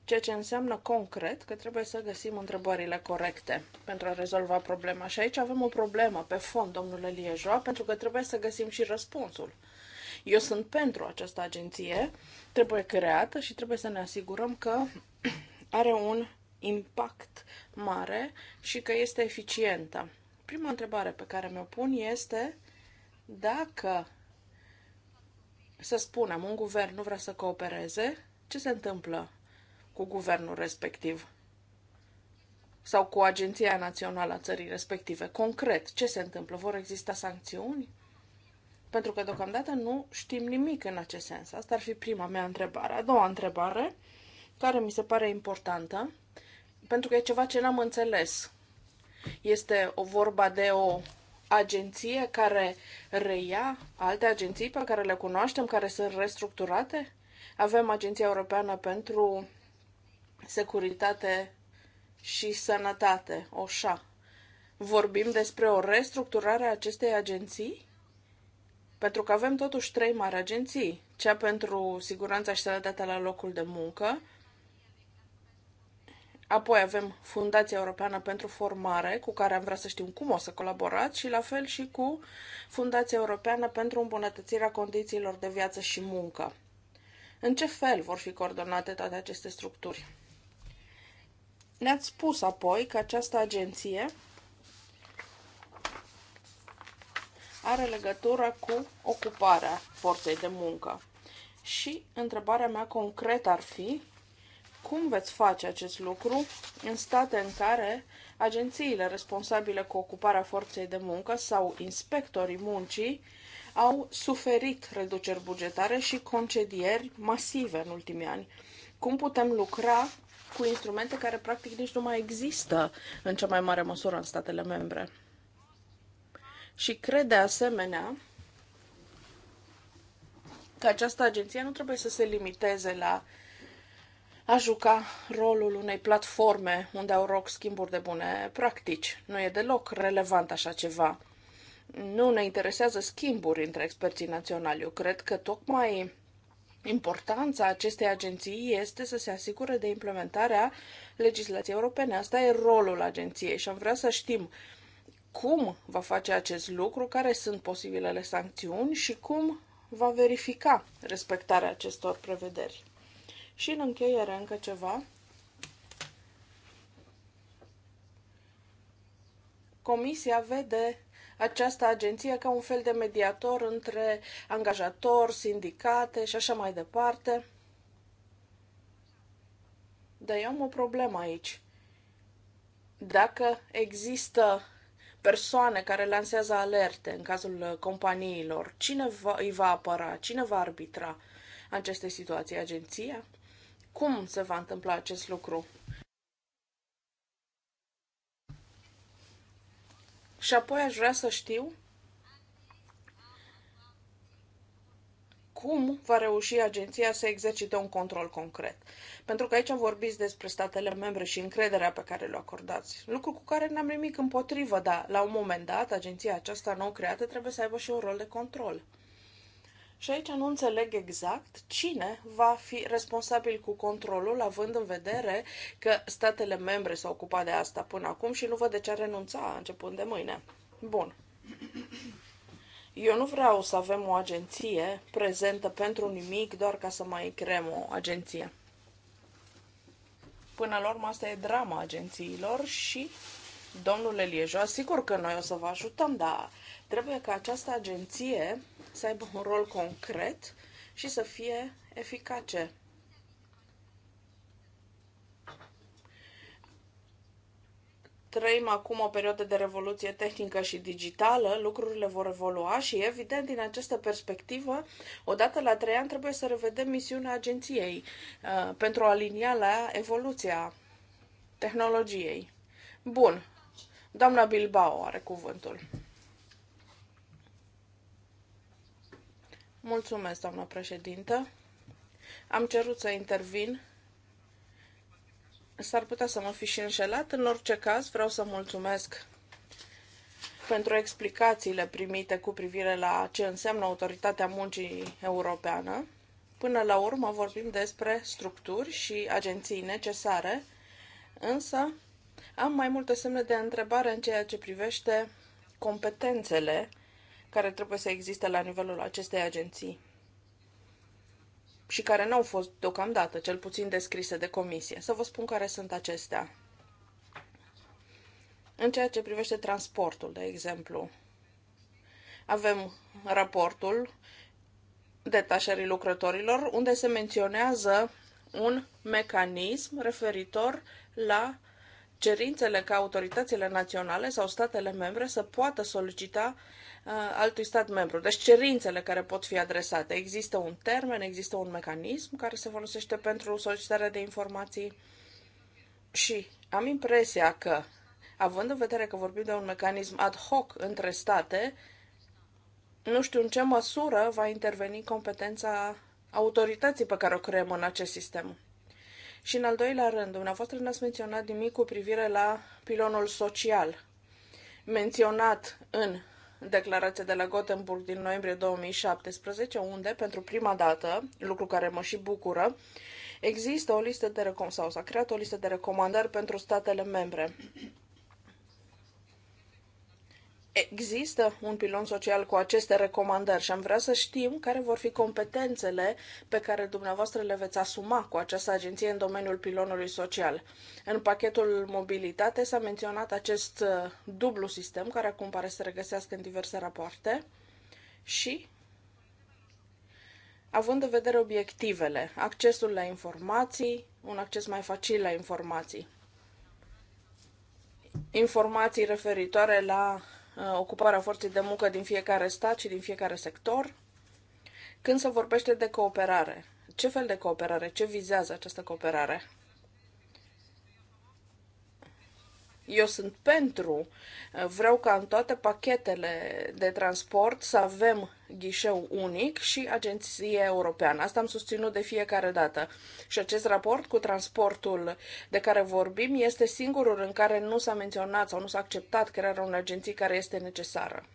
ceea ce înseamnă concret că trebuie să găsim întrebările corecte pentru a rezolva problema. Și aici avem o problemă pe fond, domnule Liejoa, pentru că trebuie să găsim și răspunsul. Eu sunt pentru această agenție, trebuie creată și trebuie să ne asigurăm că <clears throat> are un impact mare și că este eficientă. Prima întrebare pe care mi-o pun este dacă, să spunem, un guvern nu vrea să coopereze, ce se întâmplă cu guvernul respectiv? Sau cu Agenția Națională a țării respective? Concret, ce se întâmplă? Vor exista sancțiuni? Pentru că deocamdată nu știm nimic în acest sens. Asta ar fi prima mea întrebare. A doua întrebare, care mi se pare importantă, pentru că e ceva ce n-am înțeles. Este o vorba de o agenție care reia alte agenții pe care le cunoaștem, care sunt restructurate? Avem Agenția Europeană pentru Securitate și Sănătate, OSHA. Vorbim despre o restructurare a acestei agenții? Pentru că avem totuși trei mari agenții. Cea pentru siguranța și sănătatea la locul de muncă, apoi avem Fundația Europeană pentru Formare, cu care am vrea să știm cum o să colaborați, și la fel și cu Fundația Europeană pentru îmbunătățirea condițiilor de viață și muncă. În ce fel vor fi coordonate toate aceste structuri? Ne-ați spus apoi că această agenție are legătură cu ocuparea forței de muncă. Și întrebarea mea concret ar fi, cum veți face acest lucru în state în care agențiile responsabile cu ocuparea forței de muncă sau inspectorii muncii au suferit reduceri bugetare și concedieri masive în ultimii ani? Cum putem lucra cu instrumente care practic nici nu mai există în cea mai mare măsură în statele membre? și cred de asemenea că această agenție nu trebuie să se limiteze la a juca rolul unei platforme unde au loc schimburi de bune practici. Nu e deloc relevant așa ceva. Nu ne interesează schimburi între experții naționali. Eu cred că tocmai importanța acestei agenții este să se asigure de implementarea legislației europene. Asta e rolul agenției și am vrea să știm cum va face acest lucru, care sunt posibilele sancțiuni și cum va verifica respectarea acestor prevederi. Și în încheiere încă ceva. Comisia vede această agenție ca un fel de mediator între angajatori, sindicate și așa mai departe. Dar eu am o problemă aici. Dacă există persoane care lansează alerte în cazul uh, companiilor. Cine va, îi va apăra? Cine va arbitra aceste situații? Agenția? Cum se va întâmpla acest lucru? Și apoi aș vrea să știu cum va reuși agenția să exercite un control concret. Pentru că aici vorbiți despre statele membre și încrederea pe care le acordați, lucru cu care n-am nimic împotrivă, dar la un moment dat agenția aceasta nou creată trebuie să aibă și un rol de control. Și aici nu înțeleg exact cine va fi responsabil cu controlul, având în vedere că statele membre s-au ocupat de asta până acum și nu văd de ce renunța începând de mâine. Bun. Eu nu vreau să avem o agenție prezentă pentru nimic doar ca să mai creăm o agenție. Până la urmă, asta e drama agențiilor și, domnule Eliejo, sigur că noi o să vă ajutăm, dar trebuie ca această agenție să aibă un rol concret și să fie eficace. Trăim acum o perioadă de revoluție tehnică și digitală, lucrurile vor evolua și, evident, din această perspectivă, odată la trei ani trebuie să revedem misiunea agenției uh, pentru a alinia la evoluția tehnologiei. Bun. Doamna Bilbao are cuvântul. Mulțumesc, doamna președintă. Am cerut să intervin S-ar putea să mă fi și înșelat. În orice caz, vreau să mulțumesc pentru explicațiile primite cu privire la ce înseamnă Autoritatea Muncii Europeană. Până la urmă vorbim despre structuri și agenții necesare, însă am mai multe semne de întrebare în ceea ce privește competențele care trebuie să existe la nivelul acestei agenții și care n-au fost deocamdată, cel puțin descrise de comisie. Să vă spun care sunt acestea. În ceea ce privește transportul, de exemplu, avem raportul detașării lucrătorilor, unde se menționează un mecanism referitor la cerințele ca autoritățile naționale sau statele membre să poată solicita uh, altui stat membru. Deci cerințele care pot fi adresate. Există un termen, există un mecanism care se folosește pentru solicitarea de informații și am impresia că, având în vedere că vorbim de un mecanism ad hoc între state, nu știu în ce măsură va interveni competența autorității pe care o creăm în acest sistem. Și în al doilea rând, dumneavoastră n-ați menționat nimic cu privire la pilonul social menționat în declarația de la Gothenburg din noiembrie 2017, unde, pentru prima dată, lucru care mă și bucură, există o listă de recom- sau s-a creat o listă de recomandări pentru statele membre Există un pilon social cu aceste recomandări și am vrea să știm care vor fi competențele pe care dumneavoastră le veți asuma cu această agenție în domeniul pilonului social. În pachetul mobilitate s-a menționat acest uh, dublu sistem care acum pare să regăsească în diverse rapoarte și având în vedere obiectivele, accesul la informații, un acces mai facil la informații, informații referitoare la Uh, ocuparea forței de muncă din fiecare stat și din fiecare sector. Când se vorbește de cooperare, ce fel de cooperare, ce vizează această cooperare? Eu sunt pentru. Vreau ca în toate pachetele de transport să avem ghișeu unic și agenție europeană. Asta am susținut de fiecare dată. Și acest raport cu transportul de care vorbim este singurul în care nu s-a menționat sau nu s-a acceptat crearea unei agenții care este necesară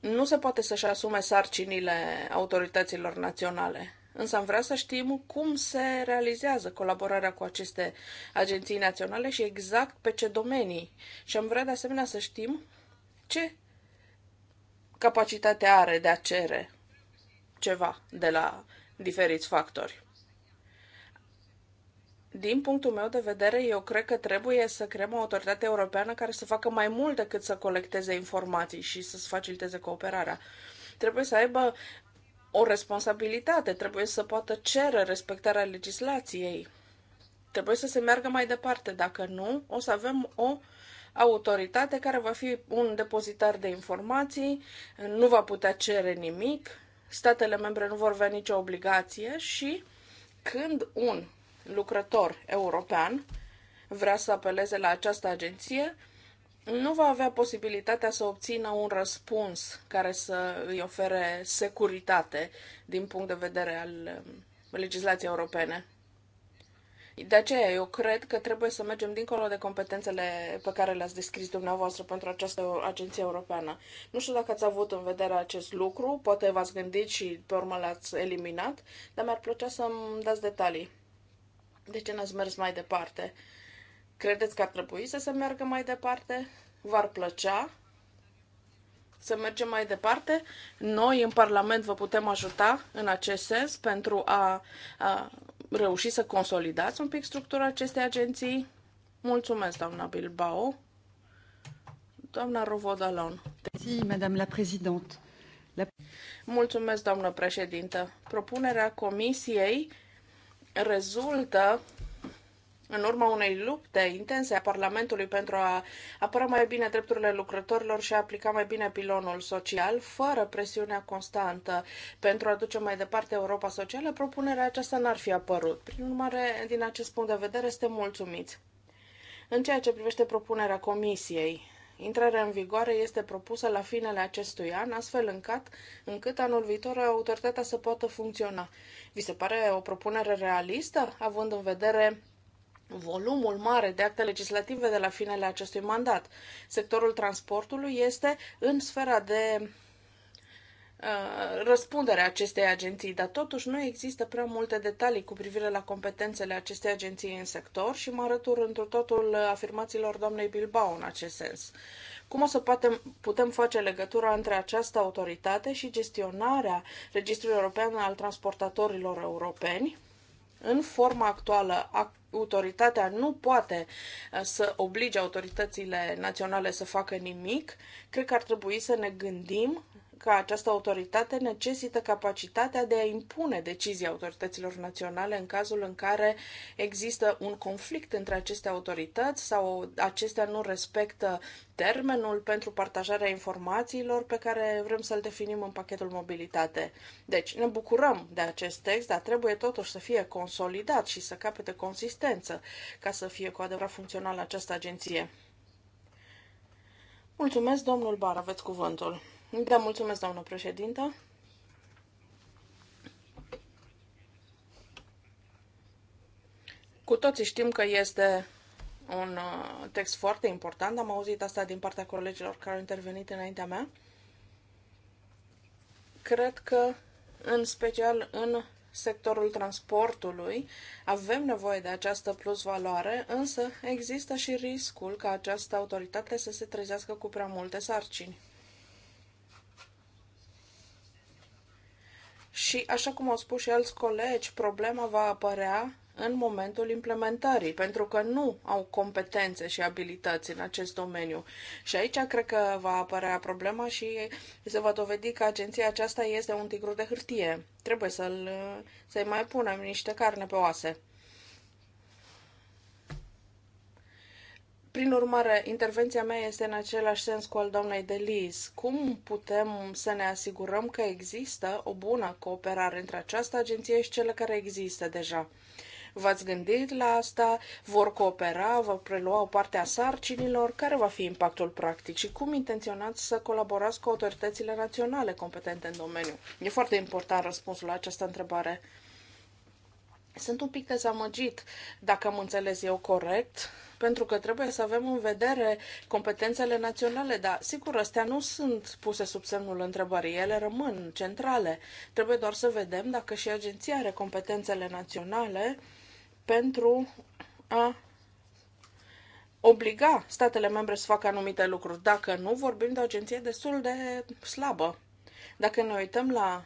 nu se poate să-și asume sarcinile autorităților naționale. Însă am vrea să știm cum se realizează colaborarea cu aceste agenții naționale și exact pe ce domenii. Și am vrea de asemenea să știm ce capacitate are de a cere ceva de la diferiți factori. Din punctul meu de vedere, eu cred că trebuie să creăm o autoritate europeană care să facă mai mult decât să colecteze informații și să faciliteze cooperarea. Trebuie să aibă o responsabilitate, trebuie să poată cere respectarea legislației. Trebuie să se meargă mai departe. Dacă nu, o să avem o autoritate care va fi un depozitar de informații, nu va putea cere nimic, statele membre nu vor avea nicio obligație și când un lucrător european vrea să apeleze la această agenție, nu va avea posibilitatea să obțină un răspuns care să îi ofere securitate din punct de vedere al um, legislației europene. De aceea eu cred că trebuie să mergem dincolo de competențele pe care le-ați descris dumneavoastră pentru această agenție europeană. Nu știu dacă ați avut în vedere acest lucru, poate v-ați gândit și pe urmă l-ați eliminat, dar mi-ar plăcea să-mi dați detalii. De ce n-ați mers mai departe? Uh, Credeți că ar trebui să se meargă mai departe? V-ar plăcea să mergem mai departe? Noi în Parlament vă putem ajuta în acest sens pentru a, a reuși să consolidați un pic structura acestei agenții? Mulțumesc, doamna Bilbao. Doamna Rovodalon. Si, madame la présidente. La... Mulțumesc, doamnă președintă. Propunerea comisiei rezultă în urma unei lupte intense a Parlamentului pentru a apăra mai bine drepturile lucrătorilor și a aplica mai bine pilonul social, fără presiunea constantă pentru a duce mai departe Europa Socială, propunerea aceasta n-ar fi apărut. Prin urmare, din acest punct de vedere, suntem mulțumiți. În ceea ce privește propunerea Comisiei, Intrarea în vigoare este propusă la finele acestui an, astfel încât, încât anul viitor autoritatea să poată funcționa. Vi se pare o propunere realistă, având în vedere volumul mare de acte legislative de la finele acestui mandat. Sectorul transportului este în sfera de uh, răspunderea acestei agenții, dar totuși nu există prea multe detalii cu privire la competențele acestei agenții în sector și mă arătur într totul afirmațiilor doamnei Bilbao în acest sens. Cum o să putem, putem face legătura între această autoritate și gestionarea Registrului European al Transportatorilor Europeni, în forma actuală, autoritatea nu poate uh, să oblige autoritățile naționale să facă nimic. Cred că ar trebui să ne gândim că această autoritate necesită capacitatea de a impune decizii autorităților naționale în cazul în care există un conflict între aceste autorități sau acestea nu respectă termenul pentru partajarea informațiilor pe care vrem să-l definim în pachetul mobilitate. Deci, ne bucurăm de acest text, dar trebuie totuși să fie consolidat și să capete consistență ca să fie cu adevărat funcțională această agenție. Mulțumesc, domnul Bar, aveți cuvântul. Da, mulțumesc, doamnă președintă. Cu toții știm că este un uh, text foarte important. Am auzit asta din partea colegilor care au intervenit înaintea mea. Cred că, în special în sectorul transportului, avem nevoie de această plusvaloare, însă există și riscul ca această autoritate să se trezească cu prea multe sarcini. Și, așa cum au spus și alți colegi, problema va apărea în momentul implementării, pentru că nu au competențe și abilități în acest domeniu. Și aici cred că va apărea problema și se va dovedi că agenția aceasta este un tigru de hârtie. Trebuie să-l, să-i mai punem niște carne pe oase. Prin urmare, intervenția mea este în același sens cu al doamnei Delis. Cum putem să ne asigurăm că există o bună cooperare între această agenție și cele care există deja? V-ați gândit la asta? Vor coopera? Vă prelua o parte a sarcinilor? Care va fi impactul practic? Și cum intenționați să colaborați cu autoritățile naționale competente în domeniu? E foarte important răspunsul la această întrebare. Sunt un pic dezamăgit, dacă am înțeles eu corect, pentru că trebuie să avem în vedere competențele naționale, dar sigur, astea nu sunt puse sub semnul întrebării, ele rămân centrale. Trebuie doar să vedem dacă și agenția are competențele naționale pentru a obliga statele membre să facă anumite lucruri. Dacă nu, vorbim de o agenție destul de slabă. Dacă ne uităm la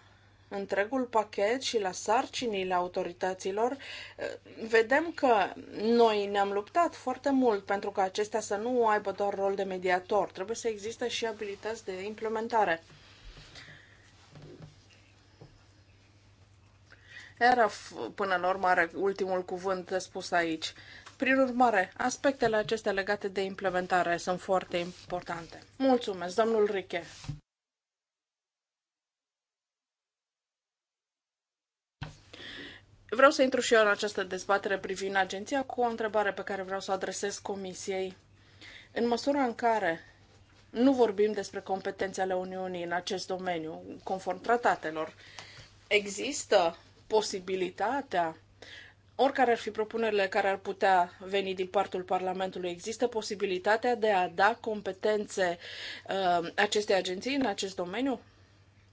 întregul pachet și la sarcinile autorităților, eh, vedem că noi ne-am luptat foarte mult pentru ca acestea să nu aibă doar rol de mediator. Trebuie să existe și abilități de implementare. Era până la urmă are ultimul cuvânt de spus aici. Prin urmare, aspectele acestea legate de implementare sunt foarte importante. Mulțumesc, domnul Riche. Vreau să intru și eu în această dezbatere privind agenția cu o întrebare pe care vreau să o adresez Comisiei. În măsura în care nu vorbim despre competențele Uniunii în acest domeniu, conform tratatelor, există posibilitatea oricare ar fi propunerile care ar putea veni din partul Parlamentului, există posibilitatea de a da competențe uh, acestei agenții în acest domeniu?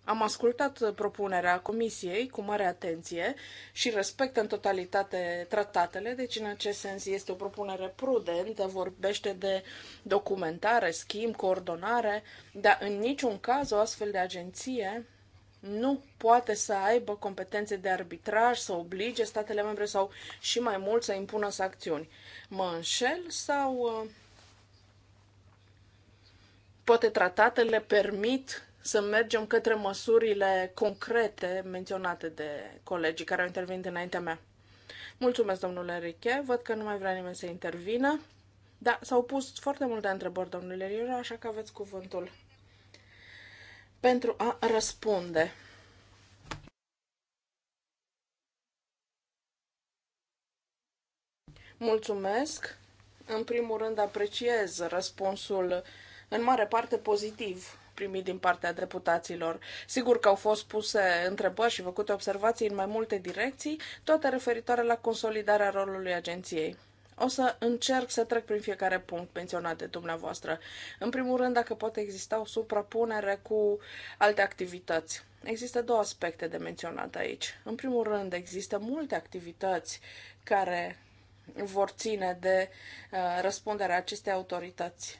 Am ascultat uh, propunerea Comisiei cu mare atenție și respect în totalitate tratatele, deci în acest sens este o propunere prudentă, vorbește de documentare, schimb, coordonare, dar în niciun caz o astfel de agenție nu poate să aibă competențe de arbitraj, să oblige statele membre sau și mai mult să impună sancțiuni. Mă înșel sau uh, poate tratatele permit să mergem către măsurile concrete menționate de colegii care au intervenit înaintea mea. Mulțumesc, domnule Riche. Văd că nu mai vrea nimeni să intervină. Da, s-au pus foarte multe întrebări, domnule Riche, așa că aveți cuvântul pentru a răspunde. Mulțumesc. În primul rând, apreciez răspunsul în mare parte pozitiv primi din partea deputaților. Sigur că au fost puse întrebări și făcute observații în mai multe direcții, toate referitoare la consolidarea rolului agenției. O să încerc să trec prin fiecare punct menționat de dumneavoastră. În primul rând, dacă poate exista o suprapunere cu alte activități. Există două aspecte de menționat aici. În primul rând, există multe activități care vor ține de uh, răspunderea acestei autorități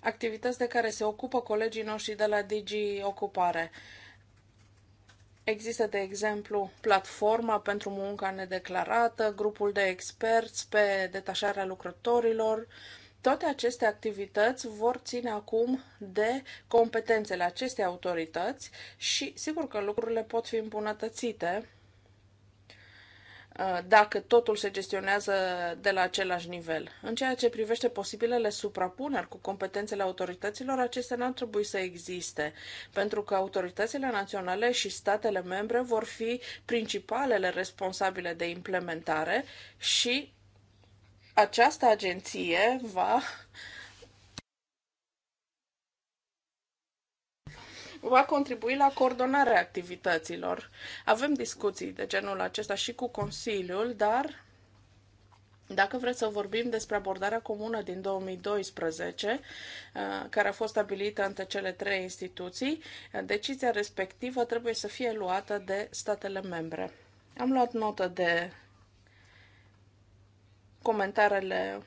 activități de care se ocupă colegii noștri de la Digi Ocupare. Există, de exemplu, platforma pentru munca nedeclarată, grupul de experți pe detașarea lucrătorilor. Toate aceste activități vor ține acum de competențele acestei autorități și sigur că lucrurile pot fi îmbunătățite Uh, dacă totul se gestionează de la același nivel. În ceea ce privește posibilele suprapuneri cu competențele autorităților, acestea nu ar trebui să existe, pentru că autoritățile naționale și statele membre vor fi principalele responsabile de implementare și această agenție va va contribui la coordonarea activităților. Avem discuții de genul acesta și cu Consiliul, dar dacă vreți să vorbim despre abordarea comună din 2012, uh, care a fost stabilită între cele trei instituții, uh, decizia respectivă trebuie să fie luată de statele membre. Am luat notă de comentariile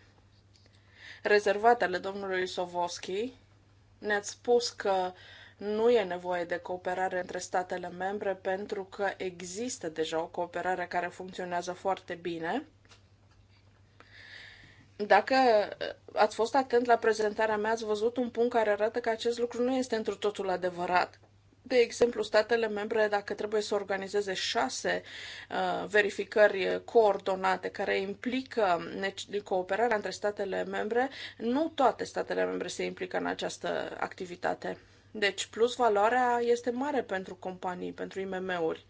rezervate ale domnului Sovoschi. Ne-ați spus că uh, nu e nevoie de cooperare între statele membre pentru că există deja o cooperare care funcționează foarte bine. Dacă uh, ați fost atent la prezentarea mea, ați văzut un punct care arată că acest lucru nu este într totul adevărat. De exemplu, statele membre, dacă trebuie să organizeze șase uh, verificări coordonate care implică cooperarea între statele membre, nu toate statele membre se implică în această activitate. Deci, plus valoarea este mare pentru companii, pentru IMM-uri,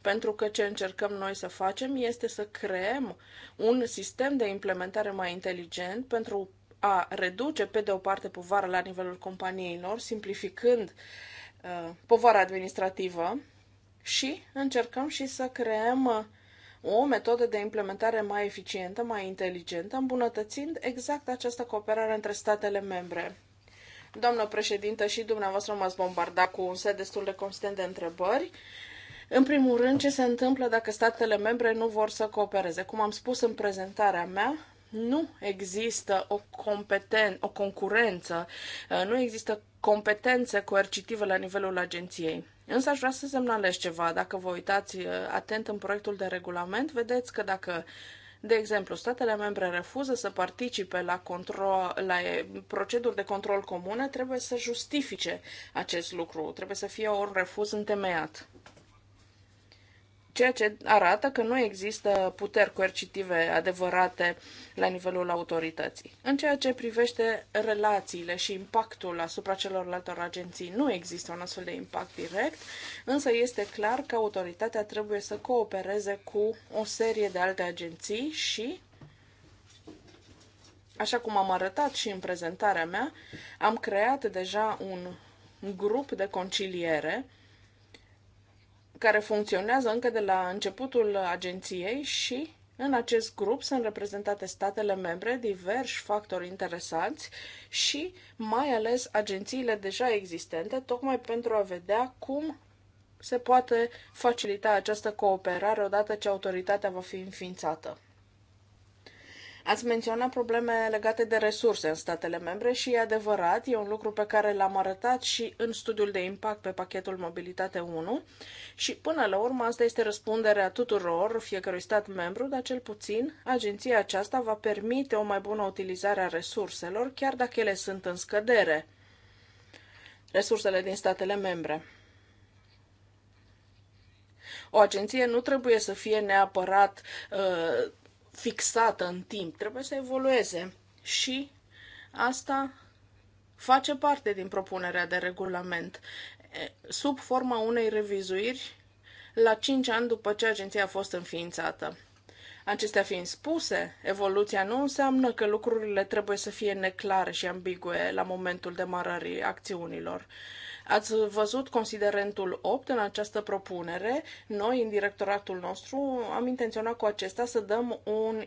pentru că ce încercăm noi să facem este să creăm un sistem de implementare mai inteligent pentru a reduce, pe de o parte, povara la nivelul companiilor, simplificând uh, povara administrativă și încercăm și să creăm uh, o metodă de implementare mai eficientă, mai inteligentă, îmbunătățind exact această cooperare între statele membre. Doamnă președintă, și dumneavoastră m-ați bombardat cu un set destul de constant de întrebări. În primul rând, ce se întâmplă dacă statele membre nu vor să coopereze? Cum am spus în prezentarea mea, nu există o, competen- o concurență, uh, nu există competențe coercitive la nivelul agenției. Însă aș vrea să semnalez ceva. Dacă vă uitați uh, atent în proiectul de regulament, vedeți că dacă de exemplu, statele membre refuză să participe la, control, la proceduri de control comune, trebuie să justifice acest lucru, trebuie să fie un refuz întemeiat ceea ce arată că nu există puteri coercitive adevărate la nivelul autorității. În ceea ce privește relațiile și impactul asupra celorlalte agenții, nu există un astfel de impact direct, însă este clar că autoritatea trebuie să coopereze cu o serie de alte agenții și Așa cum am arătat și în prezentarea mea, am creat deja un grup de conciliere care funcționează încă de la începutul agenției și în acest grup sunt reprezentate statele membre, diversi factori interesanți și mai ales agențiile deja existente, tocmai pentru a vedea cum se poate facilita această cooperare odată ce autoritatea va fi înființată. Ați menționat probleme legate de resurse în statele membre și e adevărat, e un lucru pe care l-am arătat și în studiul de impact pe pachetul Mobilitate 1 și până la urmă asta este răspunderea tuturor, fiecărui stat membru, dar cel puțin agenția aceasta va permite o mai bună utilizare a resurselor, chiar dacă ele sunt în scădere, resursele din statele membre. O agenție nu trebuie să fie neapărat uh, fixată în timp, trebuie să evolueze și asta face parte din propunerea de regulament sub forma unei revizuiri la 5 ani după ce agenția a fost înființată. Acestea fiind spuse, evoluția nu înseamnă că lucrurile trebuie să fie neclare și ambigue la momentul demarării acțiunilor. Ați văzut considerentul 8 în această propunere. Noi, în directoratul nostru, am intenționat cu acesta să dăm o uh,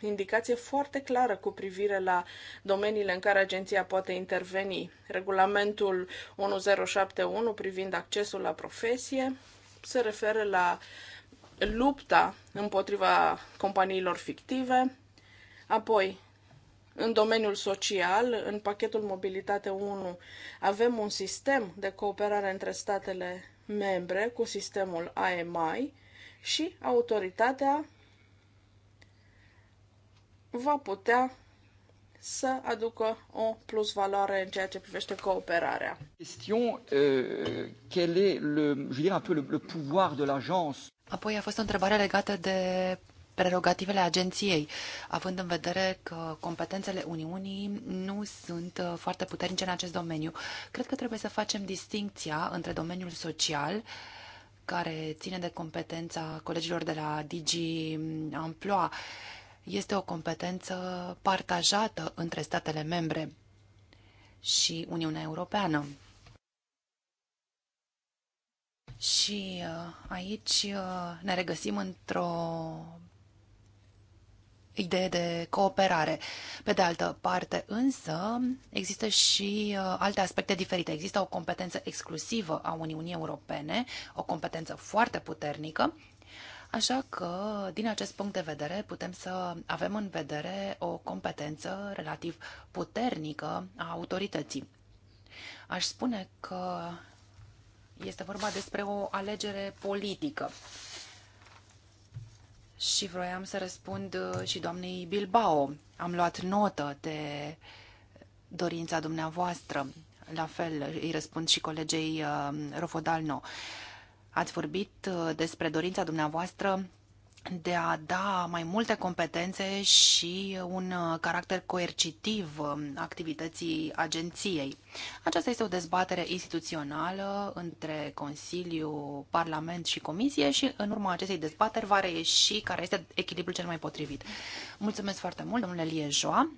indicație foarte clară cu privire la domeniile în care agenția poate interveni. Regulamentul 1071 privind accesul la profesie se referă la lupta împotriva companiilor fictive, apoi în domeniul social, în pachetul Mobilitate 1, avem un sistem de cooperare între statele membre cu sistemul AMI și autoritatea va putea să aducă o plus valoare în ceea ce privește cooperarea. Question, uh, quel est le, je dire un peu le, le pouvoir de l'agence? Apoi a fost o întrebare legată de prerogativele agenției, având în vedere că competențele Uniunii nu sunt uh, foarte puternice în acest domeniu. Cred că trebuie să facem distinția între domeniul social, care ține de competența colegilor de la Digi Amploa. Este o competență partajată între statele membre și Uniunea Europeană. Și uh, aici uh, ne regăsim într-o idee de cooperare. Pe de altă parte, însă, există și uh, alte aspecte diferite. Există o competență exclusivă a Uniunii Europene, o competență foarte puternică, Așa că, din acest punct de vedere, putem să avem în vedere o competență relativ puternică a autorității. Aș spune că este vorba despre o alegere politică și vroiam să răspund uh, și doamnei Bilbao. Am luat notă de dorința dumneavoastră. La fel îi răspund și colegei uh, Rofodalno. Ați vorbit uh, despre dorința dumneavoastră de a da mai multe competențe și un uh, caracter coercitiv um, activității agenției. Aceasta este o dezbatere instituțională între Consiliu, Parlament și Comisie și în urma acestei dezbateri va reieși care este echilibrul cel mai potrivit. Mulțumesc foarte mult, domnule Liejoa.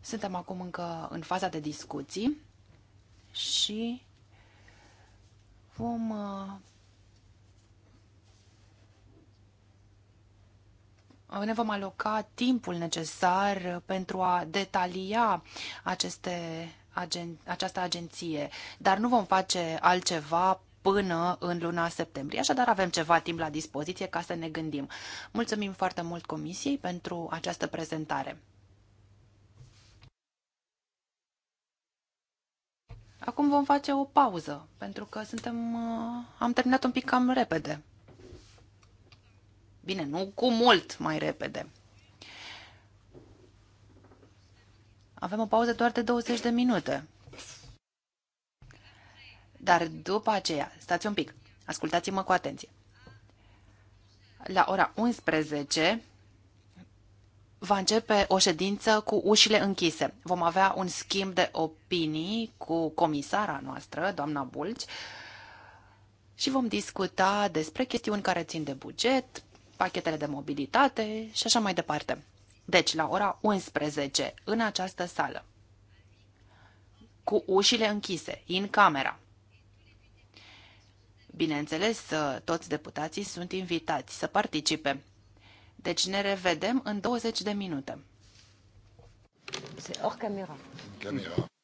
Suntem acum încă în faza de discuții și vom uh, ne vom aloca timpul necesar pentru a detalia aceste agen, această agenție, dar nu vom face altceva până în luna septembrie. Așadar, avem ceva timp la dispoziție ca să ne gândim. Mulțumim foarte mult Comisiei pentru această prezentare. Acum vom face o pauză, pentru că suntem, uh, am terminat un pic cam repede. Bine, nu cu mult mai repede. Avem o pauză doar de 20 de minute. Dar după aceea, stați un pic, ascultați-mă cu atenție. La ora 11 va începe o ședință cu ușile închise. Vom avea un schimb de opinii cu comisara noastră, doamna Bulci, și vom discuta despre chestiuni care țin de buget, pachetele de mobilitate și așa mai departe. Deci, la ora 11, în această sală, cu ușile închise, în camera. Bineînțeles, uh, toți deputații sunt invitați să participe. Deci ne revedem în 20 de minute. C'est hors caméra. Caméra.